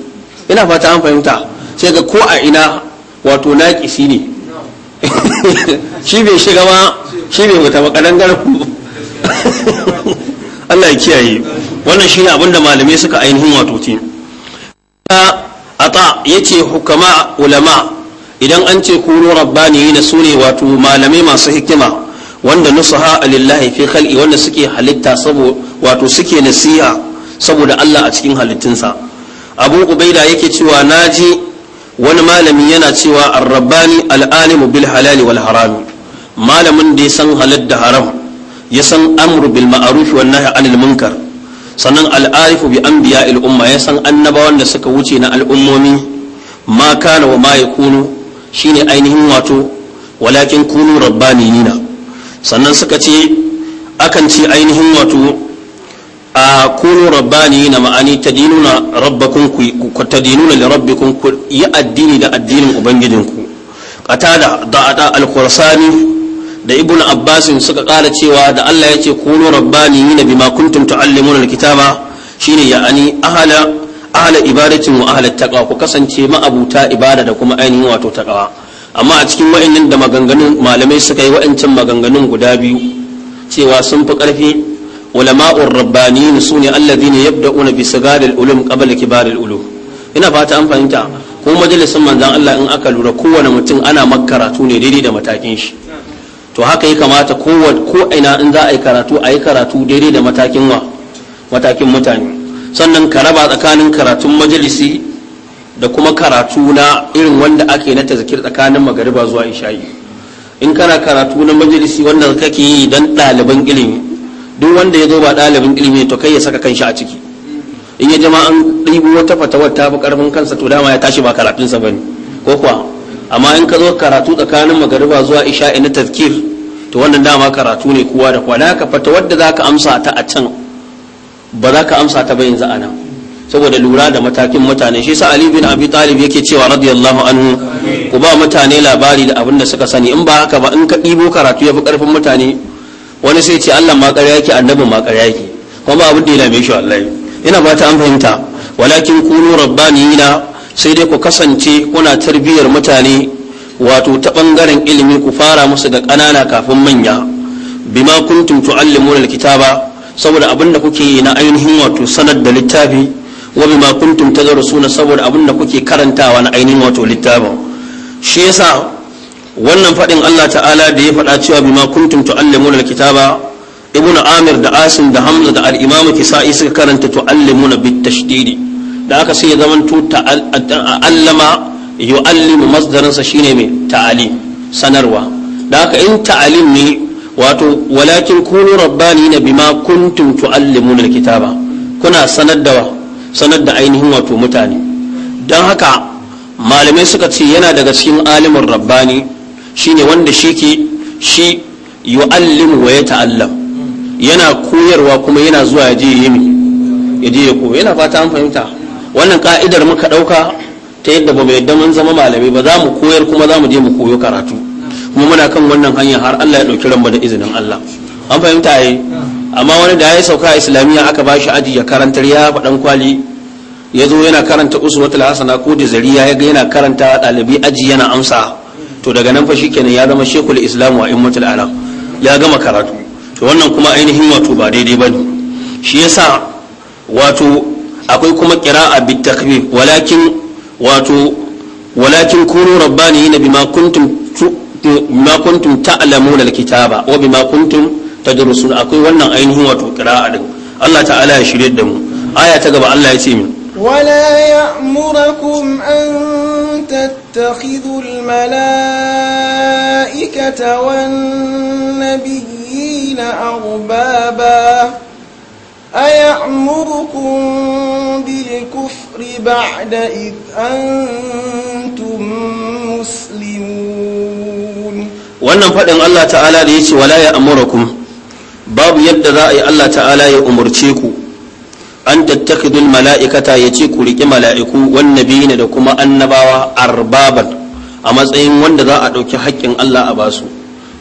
ina fata an fahimta sai ga ko a ina wato naƙisi ne shi bai shiga ma shi bai fita makaran garku Allah ya kiyaye wannan shi ne abinda malamai suka ainihin wato ce ata ya ce hukama ulama idan an ce kuro rabbani na su ne wato malamai masu hikima wanda nusaha lillahi fi khal'i wanda suke halitta saboda wato suke nasiha saboda Allah a cikin halittunsa abu ubaida yake cewa naji wani malami yana cewa arrabani al'alimu bil halali wal harami malamin da ya san halal da haram ya san amru bil ma'ruf wan nahy anil munkar sannan al'arifu bi anbiya al umma ya san annabawan da suka wuce na al'ummomi ma kana wa ma yakunu shine ainihin wato walakin kunu nina sannan suka ce akan ce ainihin wato a kunu rabbani na ma'ani ta dinuna rabbakun ku ta dinuna da rabbikun ku yi addini da addinin ubangijinku katada da ada alkursani da ibnu abbasin suka kara cewa da Allah ya ce kunu rabbani na bima kuntum tuallimuna alkitaba kitaba shine ya'ani ahala ahala ibadatin wa ahala taqwa ku kasance ma'abuta ibada da kuma ainihin wato taqwa amma a cikin wa'annan da maganganun malamai suka yi wa'ancan maganganun guda biyu cewa sun fi karfi علماء rabbaniyin سوني الذين يبدؤون yabda'una العلوم قبل ulum العلوم ulum ina fata an fahimta ko majalisin manzan Allah in aka lura kowane mutum ana makaratu ne daidai da matakin shi to haka ya kamata ko ina in za a yi karatu a yi karatu daidai da matakin wa matakin mutane sannan ka tsakanin karatun majalisi da kuma karatu na irin wanda ake na tazakir tsakanin magariba zuwa isha'i in kana karatu na majalisi wanda kake yi don ɗaliban ilimi duk wanda ya zo ba ɗalibin ilimi to kai ya saka kanshi a ciki in ya jama an ɗibo wata fatawar ta fi ƙarfin kansa to dama ya tashi ba karatunsa ba ne ko kuwa amma in ka zo karatu tsakanin magariba zuwa isha'i na tazkir to wannan dama karatu ne kowa da kowa ka fatawar da za ka amsa ta a can ba za ka amsa ta ba yanzu a nan saboda lura da matakin mutane shi sa ali bin abi talib yake cewa radiyallahu anhu ku ba mutane labari da abin da suka sani in ba haka ba in ka ɗibo karatu ya fi ƙarfin mutane wani sai ce Allah ma ƙarya yake annabi ma ƙarya yake kuma abin da ya lame shi wallahi ina ta an fahimta walakin kunu rabbaniyina sai dai ku kasance kuna tarbiyyar mutane wato ta bangaren ilimi ku fara musu da kanana kafin manya bima kuntum tuallimuna alkitaba saboda abin da kuke yi na ainihin wato sanar da littafi wa bima kuntum tadrusuna saboda abin da kuke karantawa na ainihin wato littafin shi yasa wannan faɗin Allah ta'ala da ya faɗa cewa bima kuntum tu'allimuna kitaba ibn amir da asim da hamza da al-imam kisa'i suka karanta tu'allimuna bitashdidi da aka sai ya zamanto ta'allama yu'allimu masdarin sa shine mai ta'ali sanarwa da aka in ta'alim ne wato walakin kunu na bima kuntum tu'allimuna alkitaba kuna sanar da sanar da ainihin wato mutane don haka malamai suka ce yana daga cikin alimin rabbani shine wanda shi ke shi yu'allimu wa ya ta'allam yana koyarwa kuma yana zuwa ya je ya yi ya je ya koya yana fata an fahimta wannan ka'idar muka dauka ta yadda ba mu yadda mun zama malamai ba za mu koyar kuma za mu je mu koyo karatu kuma muna kan wannan hanya har Allah ya dauki ranmu da izinin Allah an fahimta yi amma wani da ya sauka a islamiyya aka bashi aji ya karantar ya fadan kwali ya zo yana karanta usulatul hasana ko da zariya ya ga yana karanta ɗalibai aji yana amsa to daga nan fa shikenan ya zama shekul islam wa immatul alam ya gama karatu to wannan kuma ainihin wato ba daidai bane shi yasa wato akwai kuma qira'a bit takhfif walakin wato walakin kunu rabbaniyin bima kuntum bima kuntum ta'lamuna alkitaba wa bima kuntum tadrusun akwai wannan ainihin wato qira'a din Allah ta'ala ya shirye da mu aya ta gaba Allah ya ce min wala ya'murakum an يتخذ الملائكة والنبيين أربابا أيأمركم بالكفر بعد إذ أنتم مسلمون wannan faɗin Allah ta'ala da ya wala ya amurakum babu yadda za a Allah ta'ala ya umarce ku an tattakidul mala'ikata ya ce ku riƙi mala'iku wannabi ne da kuma annabawa arbaban a matsayin wanda za a ɗauki haƙƙin Allah a basu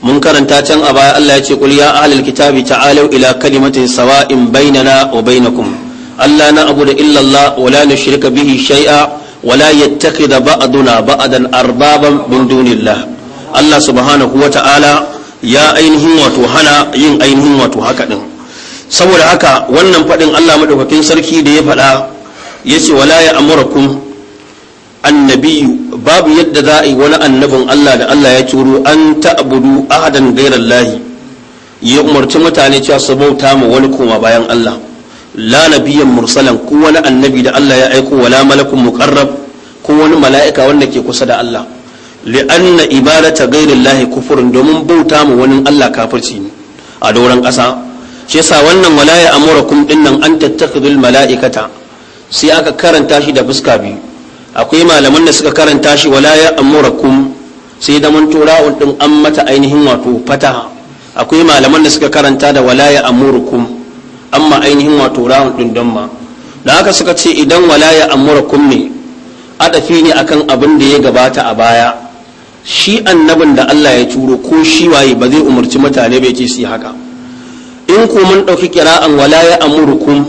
mun karanta can a baya Allah ya ce qul ya ahlal kitabi ta'alu ila kalimatin sawa'in bainana wa bainakum Allah na abu da illallah wala nushrika bihi shay'a wala la yattakhidha ba'duna ba'dan arbaban min dunillah Allah subhanahu wa ta'ala ya ainihin wato hana yin ainihin wato haka din saboda haka wannan faɗin Allah maɗaukakin sarki da ya faɗa ya ce wala ya amurakum annabiyu babu yadda za a yi wani annabin Allah da Allah ya turo an ta'budu ahadan gairar lahi ya umarci mutane cewa su bauta mu wani koma bayan Allah la nabiyyan mursalan ko wani annabi da Allah ya aiko wala malakun muqarrab ko wani mala'ika wanda ke kusa da Allah li'anna ibadata lahi kufurin domin bauta mu wani Allah kafirci ne a doron ƙasa shi yasa wannan walaya ya amurakum dinnan an tattakhidul mala'ikata sai aka karanta shi da fuska biyu akwai malaman da suka karanta shi walaya ya amurakum sai da mun tura'un din an mata ainihin wato fataha akwai malaman da suka karanta da walaya ya amurukum amma ainihin wato ra'un din don ma da haka suka ce idan walaya ya amurukum ne adafi ne akan abin da ya gabata a baya shi annabin da Allah ya turo ko shi waye ba zai umarci mutane bai ce su haka in ku mun ɗauki kira'an wala ya amurukum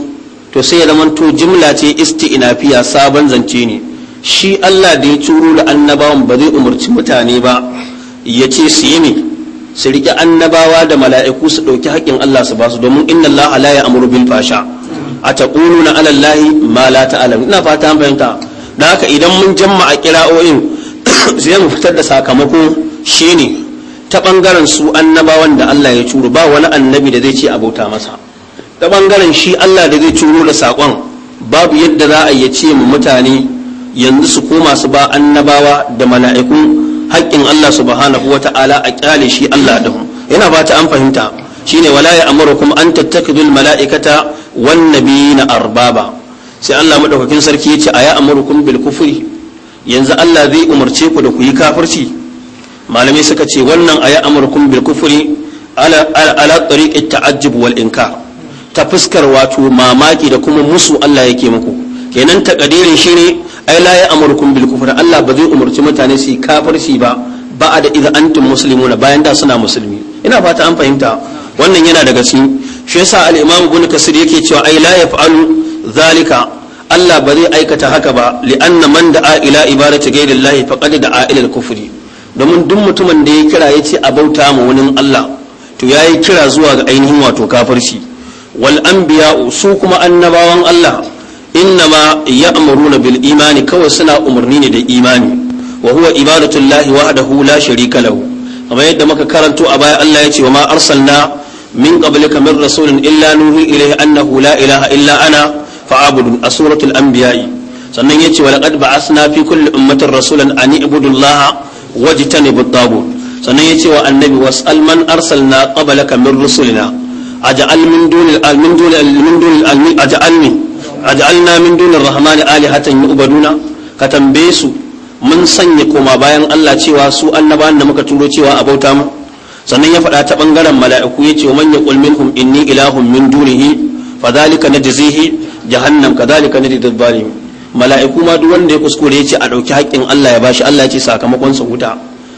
to sai ya zamanto jimla ce isti'nafiya sabon zance ne shi Allah da ya turo da annabawan ba zai umarci mutane ba ya ce su yi ne su riƙe annabawa da mala'iku su ɗauki haƙƙin Allah su ba su domin inna Allah la ya amuru bil fasha a taquluna na Allah ma la ina fata an fahimta da haka idan mun jamma a kira'o'in *coughs* sai mu fitar da sakamako shine ta bangaren su annabawan da Allah ya curo ba wani annabi da zai ce abota masa ta bangaren shi Allah da zai turo da sakon babu yadda za a yi ce mu mutane yanzu su koma su ba annabawa da mala'iku haƙƙin Allah subhanahu wa ta'ala a ƙyale shi Allah da hun yana ba ta an fahimta shine wala ya amuru kuma an tattakidul mala'ikata wan na arbaba sai Allah madaukakin sarki ya ce a ya amurukum bil kufri yanzu Allah zai umarce ku da ku yi kafirci malamai suka ce wannan a amurkum bil ala ala tariqit ta'ajjub wal inka ta fuskar wato mamaki da kuma musu Allah yake muku kenan takadirin shine ai la ya amurkum Allah ba zai umarci mutane su kafirci ba a da idza antum muslimuna bayan da suna musulmi ina fata an fahimta wannan yana daga cikin shi yasa al-imam ibn kasir yake cewa ai la yaf'alu zalika Allah ba zai aikata haka ba li'anna man da'a ila ibadati ghayrillahi faqad da'a ila al-kufri domin duk mutumin da ya kira ya ce a bauta ma wani Allah to ya yi kira zuwa ga ainihin wato kafirci wal anbiya su kuma annabawan Allah innama ya'muruna bil imani kawai suna umarni ne da imani wa huwa ibadatullahi wahdahu la sharika lahu kamar yadda muka karanto a baya Allah ya ce wa ma arsalna min qablika min rasulin illa nuhi ilayhi annahu la ilaha illa ana fa'budun asuratul anbiya sannan yace wa laqad ba'athna fi kulli ummatin rasulan an ibudullaha wajtanibu tagut sannan yace wa annabi wasal man arsalna qablaka min rusulina aj'al min dunil min dunil min dunil almi aj'al min aj'alna min dunir rahmani alihatan yu'baduna ka tambaye su mun sanya koma bayan Allah cewa su annabawan da muka turo cewa a bauta mu sannan ya faɗa ta bangaren mala'iku ya ce wa manya ƙulminhum inni ilahun min dunihi fa zalika na jahannam ka zalika na mala'iku ma duk wanda ya kuskure ya ce a ɗauki haƙƙin Allah ya bashi Allah ya ce sakamakon sa wuta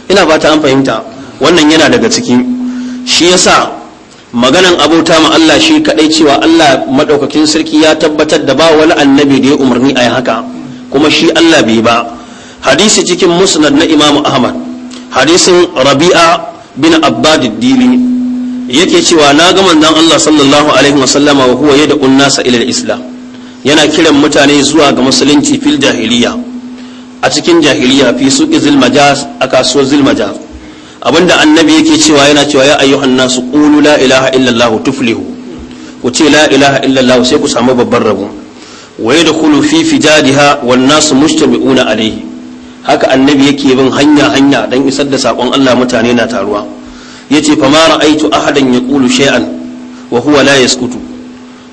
ina fata an fahimta wannan yana daga ciki shi yasa maganan abota ma Allah shi kadai cewa Allah madaukakin sarki ya tabbatar da ba wani annabi da ya umarni a haka kuma shi Allah bai ba hadisi cikin musnad na Imam Ahmad hadisin Rabi'a bin Abbad dili yake cewa na ga manzon Allah sallallahu alaihi wasallama wa huwa yad'u an-nasa ila al-islam yana kiran mutane zuwa ga musulunci fil jahiliya a cikin jahiliya fi su zil majas a kasuwar zil majas abinda annabi yake cewa yana cewa ya ayyuhan nasu qulu la ilaha illallah tuflihu ku ce la ilaha illallah sai ku samu babban rabo wa yadkhulu fi fijadiha wan nasu mujtami'una alayhi haka annabi yake bin hanya hanya dan isar da sakon Allah mutane na taruwa yace fa ma ra'aitu ahadan yaqulu shay'an wa huwa la yaskutu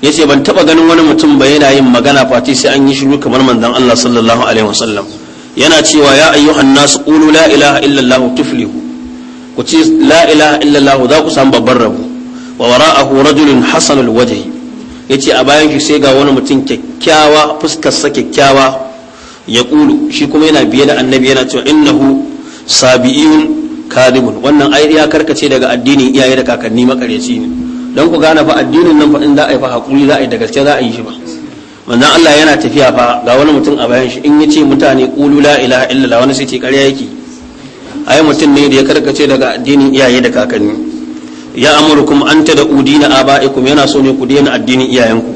yace ban taba ganin wani mutum ba yana yin magana fati sai an yi shiru kamar manzon Allah sallallahu alaihi wasallam yana cewa ya ayyuhan nas qulu la ilaha illallah tuflihu ku ce la ilaha za ku samu babban rabo wa wara'ahu rajulun hasanul wajhi yace a bayan shi sai ga wani mutum kyakkyawa fuskar sa kyakkyawa ya kulu shi kuma yana biye da annabi yana cewa innahu sabi'un kadibun wannan ai ya karkace daga addinin iyaye da kakanni makareci ne don ku gane fa addinin nan fa in za a yi fa hakuri za a yi da gaske za a yi shi ba manzon Allah yana tafiya fa ga wani mutum a bayan shi in ya ce mutane qulu la ilaha illallah wani sai ce ƙarya yake ai mutum ne da ya karkace daga addinin iyaye da kakanni ya amurkum an da udina abaikum yana so ne ku daina addinin iyayenku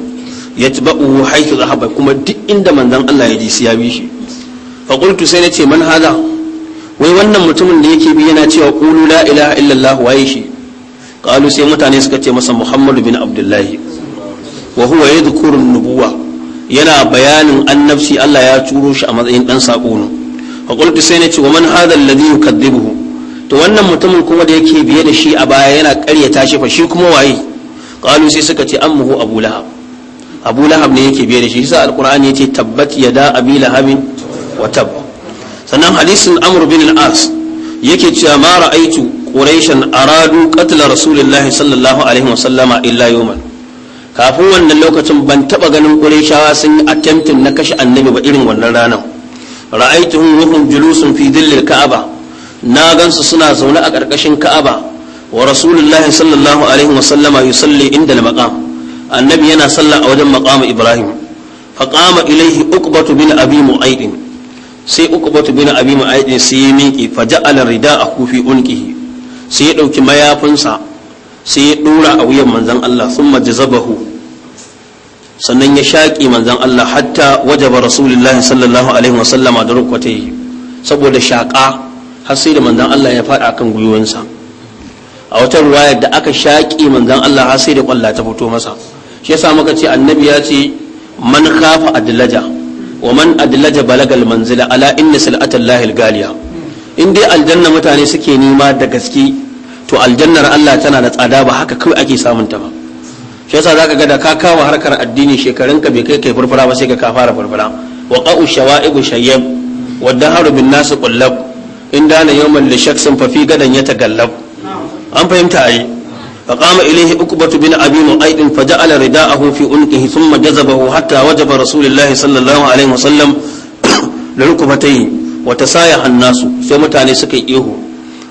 yatba'u haythu zahabai kuma duk inda manzon Allah ya ji siya ya bi shi fa qultu sai nace man hada wai wannan mutumin da yake bi yana cewa qulu la ilaha illallah waye shi qalu sai mutane suka ce masa muhammadu bin abdullahi wa nubuwa yana bayanin annabci Allah ya turo shi a matsayin dan sako ne sai nace wa man hadha alladhi yukadibuhu to wannan mutumin kuma da yake biye da shi a baya yana karyata shi fa shi kuma waye qalu suka ce ammuhu abu lahab ne yake biye da shi sai alqur'ani yace tabbat yada da lahabin wa tab sannan hadisin amr bin al-as yake cewa ma aitu. quraishan aradu qatla rasulullahi sallallahu alaihi wasallama illa yawman kafin wannan lokacin ban taɓa ganin quraishawa sun yi attempting na kashe annabi ba irin wannan rana ra'aituhum wahum julusun fi dhillil ka'aba na gansu suna zaune a ƙarƙashin ka'aba wa rasulullahi sallallahu alaihi wasallama yusalli inda al-maqam annabi yana sallah a wajen maqam ibrahim faqama ilayhi uqbatu bin abi mu'aydin sai uqbatu bin abi mu'aydin sai ya miƙe fa rida a fi unqihi sai ya ɗauki mayafinsa sai ya ɗora a wuyan manzan Allah sun majazabahu sannan ya shaƙi manzan Allah hatta wajaba rasulullahi sallallahu alaihi wasallama da rukwate saboda shaƙa har sai da manzan Allah ya faɗa akan gwiwansa a wata ruwayar da aka shaƙi manzan Allah har sai da ƙwalla ta fito masa shi yasa muka ce annabi ya ce man khafa adlaja wa man adlaja balagal manzila ala inna sal'atallahi galiya in dai aljanna mutane suke nema da gaske to aljannar Allah tana da tsada ba haka kawai ake samun ta ba shi yasa zaka ga da ka kawo harkar addini shekarun ka bai kai kai furfura ba sai ka ka fara furfura wa qa'u shawa'ibu shayyab wa daharu bin nas qullab in dana yawman li shaksin fa fi gadan ya tagallab an fahimta ai فقام إليه أكبة بن أبي معيط فجعل رداءه في عنقه ثم جذبه حتى وجب رسول الله صلى الله عليه وسلم لركبتيه wa tasayaha hannasu sai mutane suka yi ihu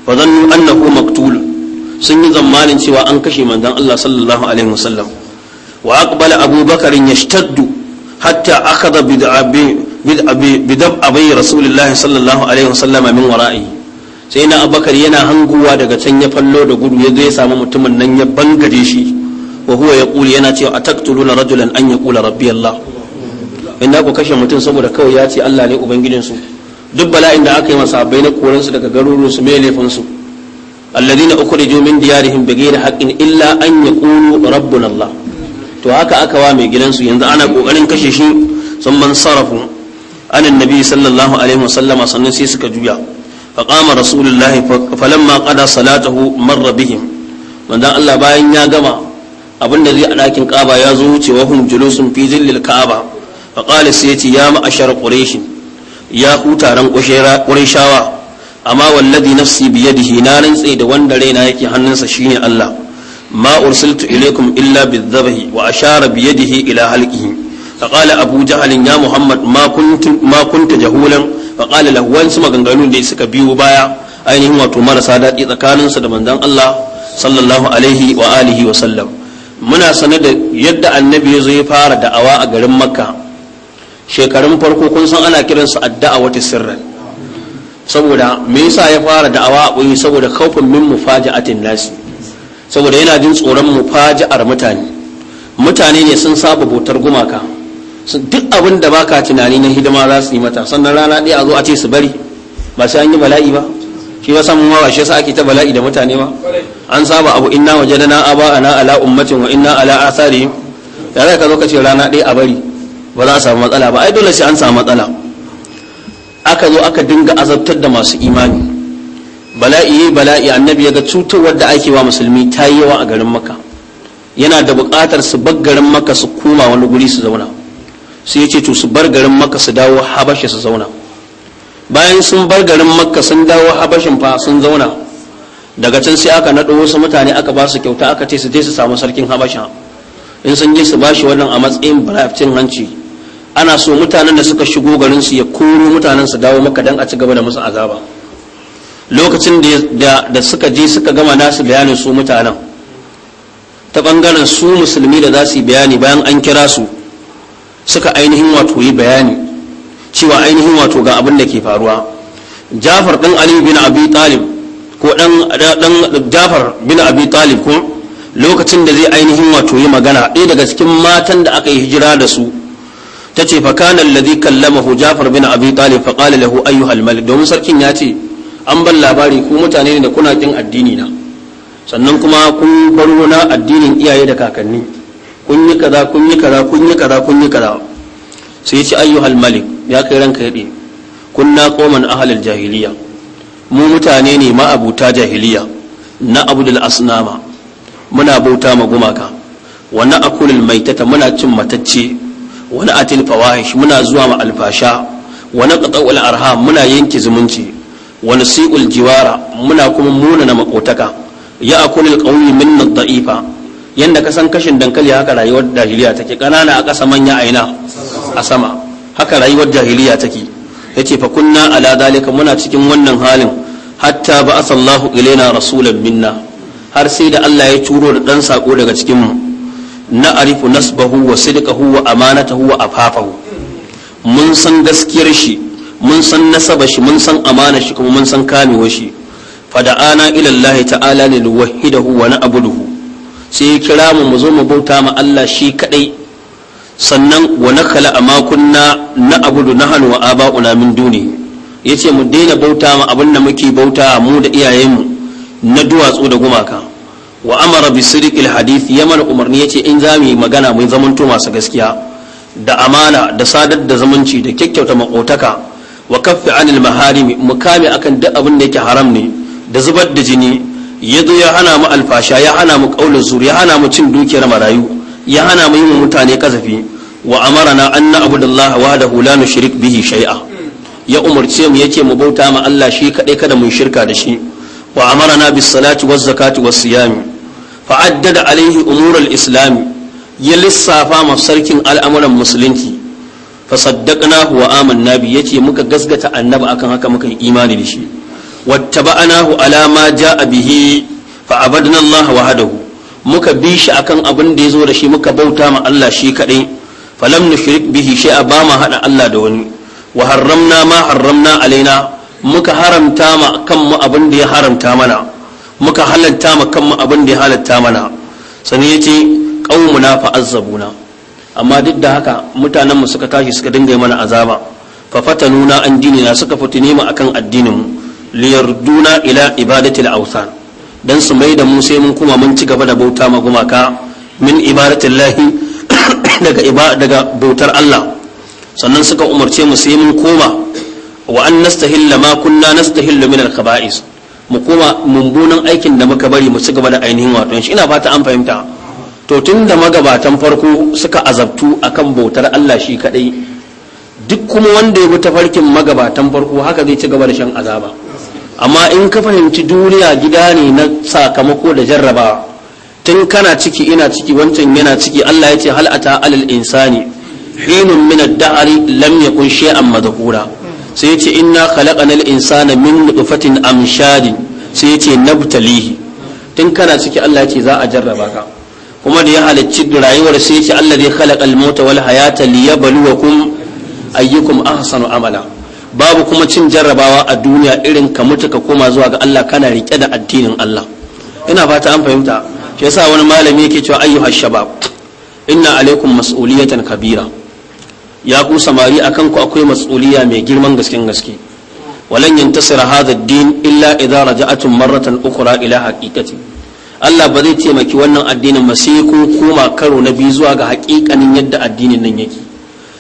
wa zannu annahu maktul sun yi zammanin cewa an kashe manzon Allah sallallahu alaihi wasallam wa aqbala Abu Bakar yashtaddu hatta akhadha bid'abi bid'abi bid'abi Rasulullah sallallahu alaihi wasallam min wara'i sai na Abubakar yana hanguwa daga can ya fallo da gudu ya zo ya samu mutumin nan ya bangare shi wa huwa yaqulu yana cewa ataktuluna rajulan an yaqula rabbi Allah inda ku kashe mutum saboda kawai ya ce Allah ne ubangijinsu duk bala'in da aka yi masa bai na koransu daga garuru su mai laifin su da ukhriju min diyarihim da haqqin illa an yaqulu rabbuna allah to haka aka wa mai gidansu yanzu ana ƙoƙarin kashe shi sun man sarafu an annabi sallallahu alaihi wasallam sannan sai suka juya fa qama rasulullahi falamma qada salatahu marra bihim manzon allah bayan ya gama da zai a dakin kaba ya zo wucewa hum julusun fi zillil ka'aba fa qala sai ya ce ya ma'ashar quraish ya ku taron shawa amma wallazi nafsi biyadihi na rantse da wanda raina yake hannunsa shine Allah ma ursiltu ilaikum illa bizzabahi wa ashara biyadihi ila halqihi فقال أبو جهل muhammad محمد ما كنت ما كنت جهولا فقال له وين suka biyo baya ainihin wato marasa daɗi tsakanin su da manzon Allah sallallahu alaihi wa alihi wa sallam muna sanar da yadda annabi ya zo ya fara da'awa a garin Makka shekarun farko kun san ana kiransu addu'a wata sirran saboda me yasa ya fara da'awa a ɓoye saboda kaufin min mufaja'atin nasi saboda yana jin tsoron mufaja'ar mutane mutane ne sun saba bautar gumaka duk abin da baka tunani na hidima za su yi mata sannan rana ɗaya a zo a ce su bari ba sai an yi bala'i ba shi ba samun ma shi yasa ake ta bala'i da mutane ba an saba abu inna wajadana aba'ana ala ummatin wa inna ala asarihim ya zai ka zo ka ce rana ɗaya a bari ba za a samu matsala ba ai dole sai an samu matsala aka zo aka dinga azabtar da masu imani bala'i bala'i annabi ya ga cutarwar da ake wa musulmi ta yi yawa a garin maka yana da buƙatar su bar garin maka su koma wani guri su zauna su ya ce to su bar garin maka su dawo habashi su zauna bayan sun bar garin makka sun dawo habashin fa sun zauna daga can sai aka naɗo wasu mutane aka ba su kyauta aka ce su je su samu sarkin habasha in sun je su ba shi wannan a matsayin barafcin hanci ana so mutanen da suka shigo garin su ya koro mutanen su dawo maka dan a ci gaba da musu azaba lokacin da suka je suka gama nasu bayanin su mutanen ta bangaren su musulmi da za su bayani bayan an kira su suka ainihin wato yi bayani cewa ainihin wato ga abin da ke faruwa jafar dan ali bin abi talib ko dan jafar bin abi talib ko lokacin da zai ainihin wato yi magana ɗaya daga cikin matan da aka yi hijira da su ta fa kana alladhi kallamahu Ja'far bin Abi Talib fa lahu ayyuhal malik domin sarkin ya ce an ban labari ku mutane ne da kuna kin addini na sannan kuma kun bar na addinin iyaye da kakanni kun yi kaza kun yi kaza kun yi kaza kun yi kaza sai ya ce ayyuhal malik ya kai ranka yade kunna qoman ahlal jahiliya mu mutane ne ma abuta jahiliya na abdul asnama muna bauta ma gumaka wa na akulul maitata muna cin matacce wani atil fawahish muna zuwa ma alfasha wani qata'ul arham muna yanke zumunci wani si'ul jiwara muna kuma muna na makotaka ya a akul alqawli minna da'ifa yadda ka san kashin dankali haka rayuwar jahiliya take ƙanana a ƙasa manya aina a sama haka rayuwar jahiliya take ce fa kunna ala dalika muna cikin wannan halin hatta ba'atha Allahu ilaina rasulan minna har sai da Allah ya turo da ɗan sako daga cikinmu. mu na'rifu nasbahu wa sidqahu wa amanatahu wa afafahu mun san gaskiyar shi mun san nasaba shi mun san amana shi kuma mun san kamewa shi fada'ana ila Allah ta'ala lil wahidahu wa na'buduhu sai ya kira mu mu zo mu bauta ma Allah shi kadai sannan wa nakala ma kunna na'budu nahnu wa aba'una min duni yace mu daina bauta ma abin da muke bauta mu da iyayenmu na duwatsu da gumaka wa amara bi sirqil hadith ya mana umarni yace in za mu yi magana mu zamanto masu gaskiya da amana da sadar da zamanci da kyakkyauta makotaka wa kaffi anil maharimi mu kame akan duk abin da yake haram ne da zubar da jini ya zo ya hana mu alfasha ya hana mu kaulin zur ya hana mu cin dukiyar marayu ya hana mu yi mutane kazafi wa amarana na anna dallaha wahdahu la nushrik bihi shay'a ya umarce mu ce mu bauta ma Allah shi kadai kada mu shirka da shi wa na bis salati waz zakati was siyami fa'addada alaihi umurar islami ya lissafa ma sarkin al'amuran musulunci fa saddaqnahu wa amanna bi yace muka gasgata annabi akan haka muka yi imani da shi wattaba'nahu ala ma ja'a bihi fa abadna Allah wahdahu muka bi shi akan abin da yazo da shi muka bauta ma Allah shi kadai falam nushrik bihi shay'a ba ma hada Allah da wani wa harramna ma harramna alaina muka haramta ma kanmu abin da ya haramta mana muka halatta ma kanmu abin da ya halatta mana sannan ya ce na fa'azzabuna amma duk da haka mutanenmu suka tashi suka dinga mana azaba fafata nuna an dinina suka fitine nema akan addinin mu liyarduna ila ibadatil awthan dan su mai da mu sai mun kuma mun ci gaba da bauta ma gumaka min ibadatillahi *coughs* daga daga bautar Allah sannan suka umarce mu sai mun koma wa an nastahilla ma kunna nastahillu min al-khaba'is mu koma mumbunan aikin da muka bari mu ci gaba da ainihin wato shi ina fata an fahimta to tun da magabatan farko suka azabtu akan bautar Allah shi kadai duk kuma wanda ya bi tafarkin magabatan farko haka zai ci gaba da shan azaba amma in ka fahimci duniya gida ne na sakamako da jarraba tun kana ciki ina ciki wancan yana ciki Allah ya ce hal ata alal insani hinun min ad dari lam yakun shay'an madhkura sai ya ce inna khalaqanal insana min nutfatin amshadin sai ya ce nabtalihi tun kana ciki Allah ce za a jarraba ka kuma da ya halicci rayuwar sai ya ce Allah zai khalaqal mauta wal hayata liyabluwakum ayyukum ahsanu amala babu kuma cin jarrabawa a duniya irin ka mutu ka koma zuwa ga Allah kana rike da addinin Allah ina fata an fahimta shi yasa wani malami yake cewa ayyuhash shabab inna alaikum mas'uliyatan kabira ya ku samari akan ku akwai mas'uliya mai girman gasken gaske walan yantasir hadha ad-din illa idza raja'atum maratan ukhra ila haqiqati Allah ba zai taimaki wannan addinin ba sai koma karo na biyu zuwa ga haƙiƙanin yadda addinin nan yake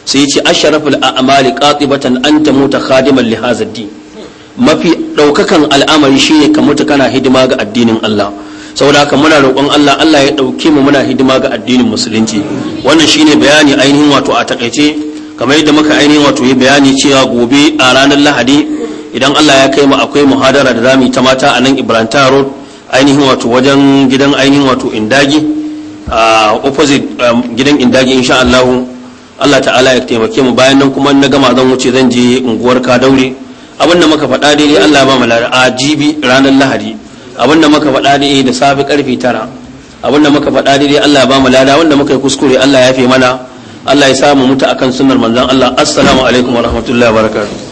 sai ya ce asharaful a'mali qatibatan anta muta khadiman li hadha din mafi daukakan al'amari shine ka mutu kana hidima ga addinin Allah saboda haka muna roƙon Allah Allah ya ɗauke mu muna hidima ga addinin musulunci wannan shine bayani ainihin wato a takaice kamar yadda muka ainihin wato yi bayani cewa gobe a ranar lahadi idan allah ya kai mu akwai muhadara da zamu ta mata a nan ibrahim road ainihin wato wajen gidan ainihin wato indagi a opposite um, gidan indagi insha allahu allah ta'ala ya taimake mu bayan nan kuma na gama zan wuce zan je unguwar kadaure abin da muka faɗa daidai allah ba mu a jibi ranar lahadi abin da muka faɗa daidai da safe karfe tara abin da muka faɗa daidai allah ba mu lada wanda muka yi kuskure allah ya fi mana Allah ya samu mutu akan sunnar manzon Allah assalamu alaikum wa rahmatullahi wa barakatuh